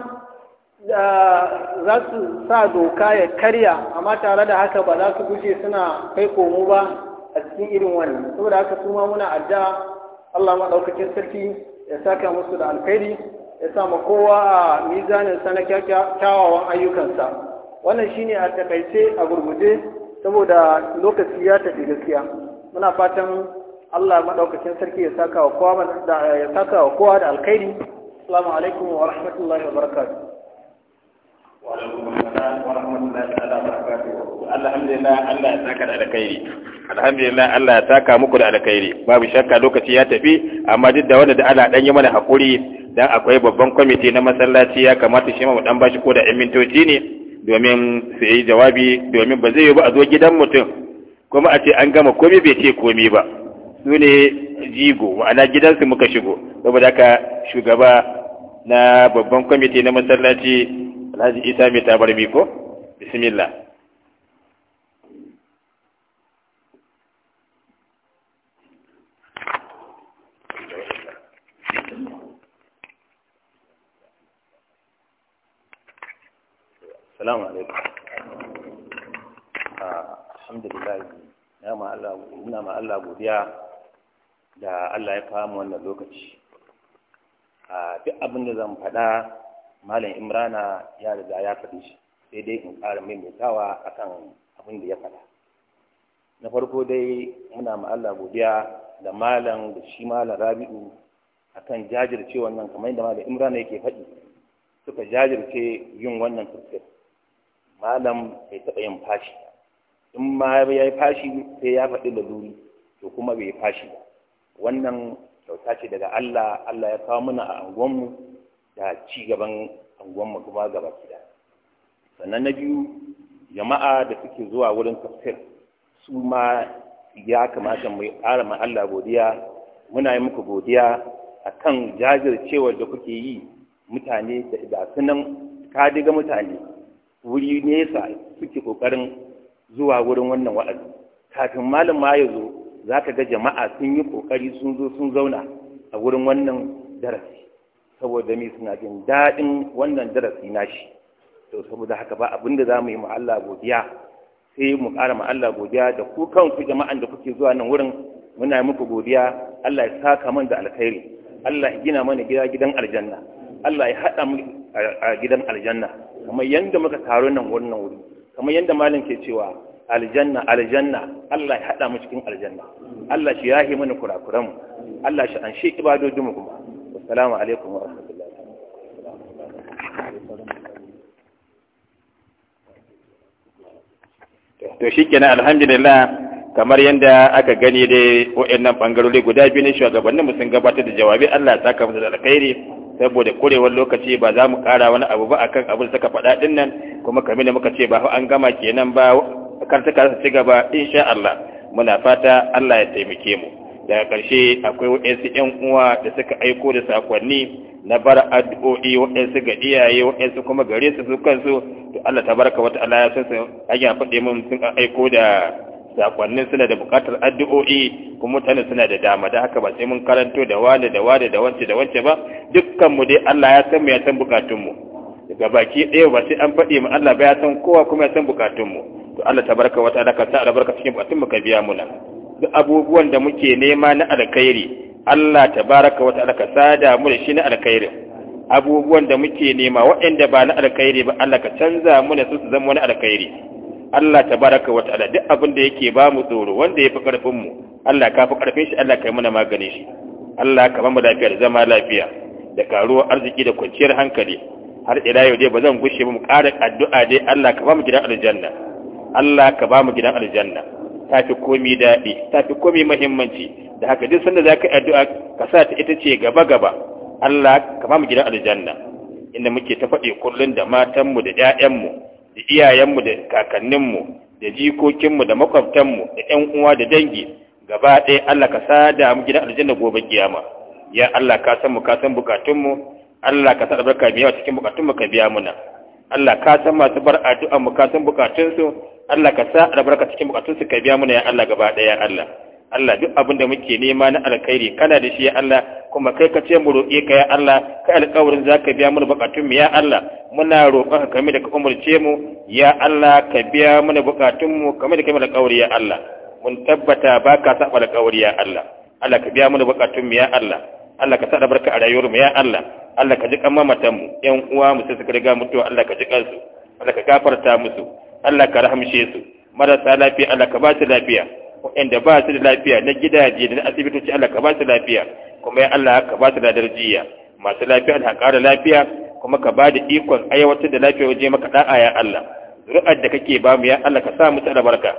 za su sa doka ya karya amma tare da haka ba za su guje suna kai komo ba a cikin irin wani. saboda haka su ma muna addu'a Allah ma maɗaukakin sarki ya saka musu da alkhairi ya sa ma kowa a mizanin sa na kyawawan ayyukansa wannan shine a takaice a gurguje saboda lokaci ya tafi gaskiya muna fatan Allah madaukakin sarki ya saka wa kowa da ya saka wa kowa da alkhairi assalamu alaikum wa rahmatullahi wa barakatuh alhamdulillah Allah ya saka da alkhairi muku da alkhairi babu shakka lokaci ya tafi amma duk da wanda da Allah dan yi mana hakuri dan akwai babban kwamiti na masallaci ya kamata shi ma mu dan bashi ko da 'yan mintoci ne domin su yi jawabi domin ba zai yi ba a zo gidan mutum kuma a ce an gama komi bai ce komi ba su ne jigo ma'ana gidansu muka shigo saboda haka shugaba na babban kwamiti na masallaci alhaji isa mai tabar miko bismillah salamu alaikum ah, alhamdulillah ina ma Allah godiya da Allah ya famu wannan lokaci a ah, duk abin da zan faɗa malam imrana ya riga ya faɗi shi sai dai in ƙara maimaitawa akan abin da ya faɗa na farko dai ina ma Allah godiya da malam da shi malam rabi'u akan jajirce wannan kamar da malam imrana yake faɗi suka jajirce yin wannan tafsir malam bai taɓa yin fashi in ma ya yi fashi sai ya faɗi laluri to kuma bai fashi ba wannan kyauta ce daga Allah Allah ya kawo mana a anguwanmu da ci gaban anguwanmu kuma gaba gida sannan na biyu jama'a da suke zuwa wurin tafsir su ma ya kamata mu ƙara ma Allah godiya muna yi muku godiya a kan jajircewar da kuke yi mutane da sunan kadiga mutane wuri nesa suke kokarin zuwa wurin wannan wa'azi kafin malam ma ya zo za ka ga jama'a sun yi kokari sun zo sun zauna a wurin wannan darasi saboda me suna jin daɗin wannan darasi nashi to saboda haka ba abinda da za mu yi ma Allah godiya sai mu ƙara ma Allah godiya da ku kanku jama'an da kuke zuwa nan wurin muna yi muku godiya Allah ya saka man da alkhairi Allah ya gina mana gida gidan aljanna Allah ya haɗa mu a gidan aljanna kamar yadda muka taro nan wannan wuri kamar yadda malam ke cewa aljanna aljanna Allah ya hada mu cikin aljanna Allah shi yahi mana kurakuran Allah shi an shi ibadodin mu kuma assalamu alaikum wa rahmatullahi to shikenan alhamdulillah kamar yadda aka gani dai wa'annan ɓangarori guda biyu ne shugabanninmu sun gabatar da jawabi Allah ya saka musu da alkhairi saboda kurewar lokaci ba za mu kara wani abu ba akan abin saka faɗa ɗin nan kuma kamar da muka ce ba an gama kenan ba kar kasa ci gaba insha Allah muna fata Allah ya taimake mu daga karshe akwai waɗansu yan uwa da suka aiko da sakonni na bar addu'o'i waɗansu ga iyaye waɗansu kuma gare su su kansu to Allah tabaraka wa ta'ala ya san su ajiya faɗe mun sun aiko da sakonnin suna da bukatar addu'o'i kuma mutane suna da dama da haka ba sai mun karanto da wani da wani da wance da wance ba dukkan mu dai Allah ya san mu ya san bukatun mu daga baki ɗaya ba sai an faɗi mu Allah ba ya san kowa kuma ya san bukatun mu to Allah tabaraka wa ta'ala ka sa albarka cikin bukatun mu ka biya mu nan duk abubuwan da muke nema na alkhairi Allah tabaraka wa ta'ala ka sada mu da shi na alkhairi abubuwan da muke nema waɗanda ba na alkhairi ba Allah ka canza mu na su zama wani alkhairi Allah ta baraka wa ta'ala duk abin da yake ba mu tsoro wanda ya fi ƙarfin mu Allah ka fi karfin shi Allah ka yi mana maganin shi Allah ka bamu lafiya da zama lafiya da karuwar arziki da kwanciyar hankali har ila yau dai ba zan gushe mu ƙara addu'a dai Allah ka bamu gidan aljanna Allah ka bamu gidan aljanna ta fi komi daɗi fi komi muhimmanci da haka duk sanda za ka yi addu'a ka sa ta ita ce gaba gaba Allah ka bamu gidan aljanna inda muke ta faɗi kullum da matanmu da 'ya'yanmu da iyayenmu da kakanninmu da jikokinmu da makwabtanmu da ƴan uwa da dangi gaba ɗaya Allah ka sada mu gidan aljanna gobe kiyama ya Allah ka san mu ka san bukatunmu Allah ka sa albarka biya cikin bukatunmu ka biya muna Allah ka san masu bar addu'a mu ka san bukatunsu Allah ka sa albarka cikin bukatunsu ka biya muna ya Allah gaba ɗaya Allah Allah duk abin da muke nema na alkhairi kana da shi ya Allah kuma kai ka ce mu roƙe ka ya Allah kai alƙawarin za ka biya mana bukatun mu ya Allah muna roƙon ka kame da ka umarce mu ya Allah ka biya mana bukatun mu kame da kame da alƙawari ya Allah mun tabbata ba ka saba alƙawari ya Allah Allah ka biya mana bukatun mu ya Allah Allah ka sa barka a rayuwar mu ya Allah Allah ka ji kan mamatan mu ƴan uwa mu sai suka riga mutuwa Allah ka ji kansu Allah ka gafarta musu Allah ka rahamshe su marasa lafiya Allah ka ba su lafiya waɗanda ba su da lafiya na gidaje da na asibitoci Allah ka ba su lafiya kuma ya Allah ka ba su da darjiya masu lafiya da haƙara lafiya kuma ka ba da ikon aiwatar da lafiya waje maka da'a ya Allah zuri'ar da kake ba mu ya Allah ka sa musu albarka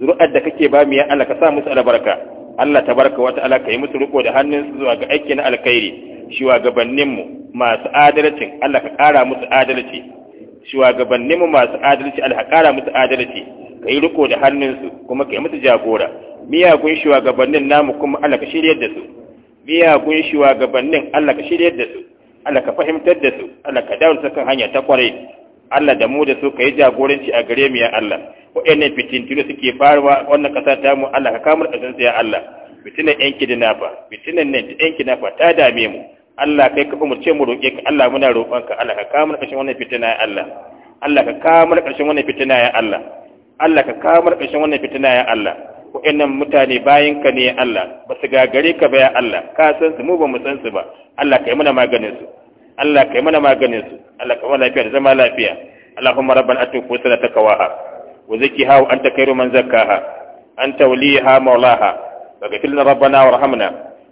zuri'ar da kake ba mu ya Allah ka sa musu albarka Allah tabaraka wa ta'ala ka yi musu riko da hannun zuwa ga aiki na alkhairi mu masu adalcin Allah ka ƙara musu adalci mu masu adalci Allah ka ƙara musu adalci ka yi riko da hannunsu kuma ka yi musu jagora miyagun shugabannin namu kuma Allah ka shiryar da su miyagun shugabannin Allah ka shiryar da su Allah ka fahimtar da su Allah ka dawo kan hanya ta kware Allah da mu da su ka yi jagoranci a gare mu ya Allah fitin fitintunu suke faruwa wannan kasa ta mu Allah ka kamar ƙasar ya Allah fitinan yan kidnafa fitinan nan yan kidnafa ta dame mu Allah kai ka umurce mu roƙe ka Allah muna roƙonka Allah ka kamar ƙarshen wannan fitina ya Allah Allah ka kamar ƙarshen wannan fitina ya Allah Allah ka kawo mana ƙarshen wannan fitina ya Allah wa'annan mutane bayan ka ne ya Allah ba su gagare ka ba ya Allah ka san su mu ba mu san su ba Allah ka yi mana maganin su Allah ka yi mana maganin su Allah ka mana lafiya da zama lafiya Allahumma rabbana atu fusana takawaha wa zakkiha wa anta khairu man zakkaha anta waliyaha mawlaha faghfir lana rabbana warhamna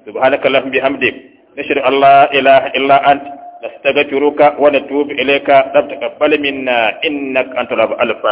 subhanaka allahumma bihamdik nashhadu an la ilaha illa anta نستغفرك ونتوب إليك رب تقبل منا إنك أنت الرب الفاتح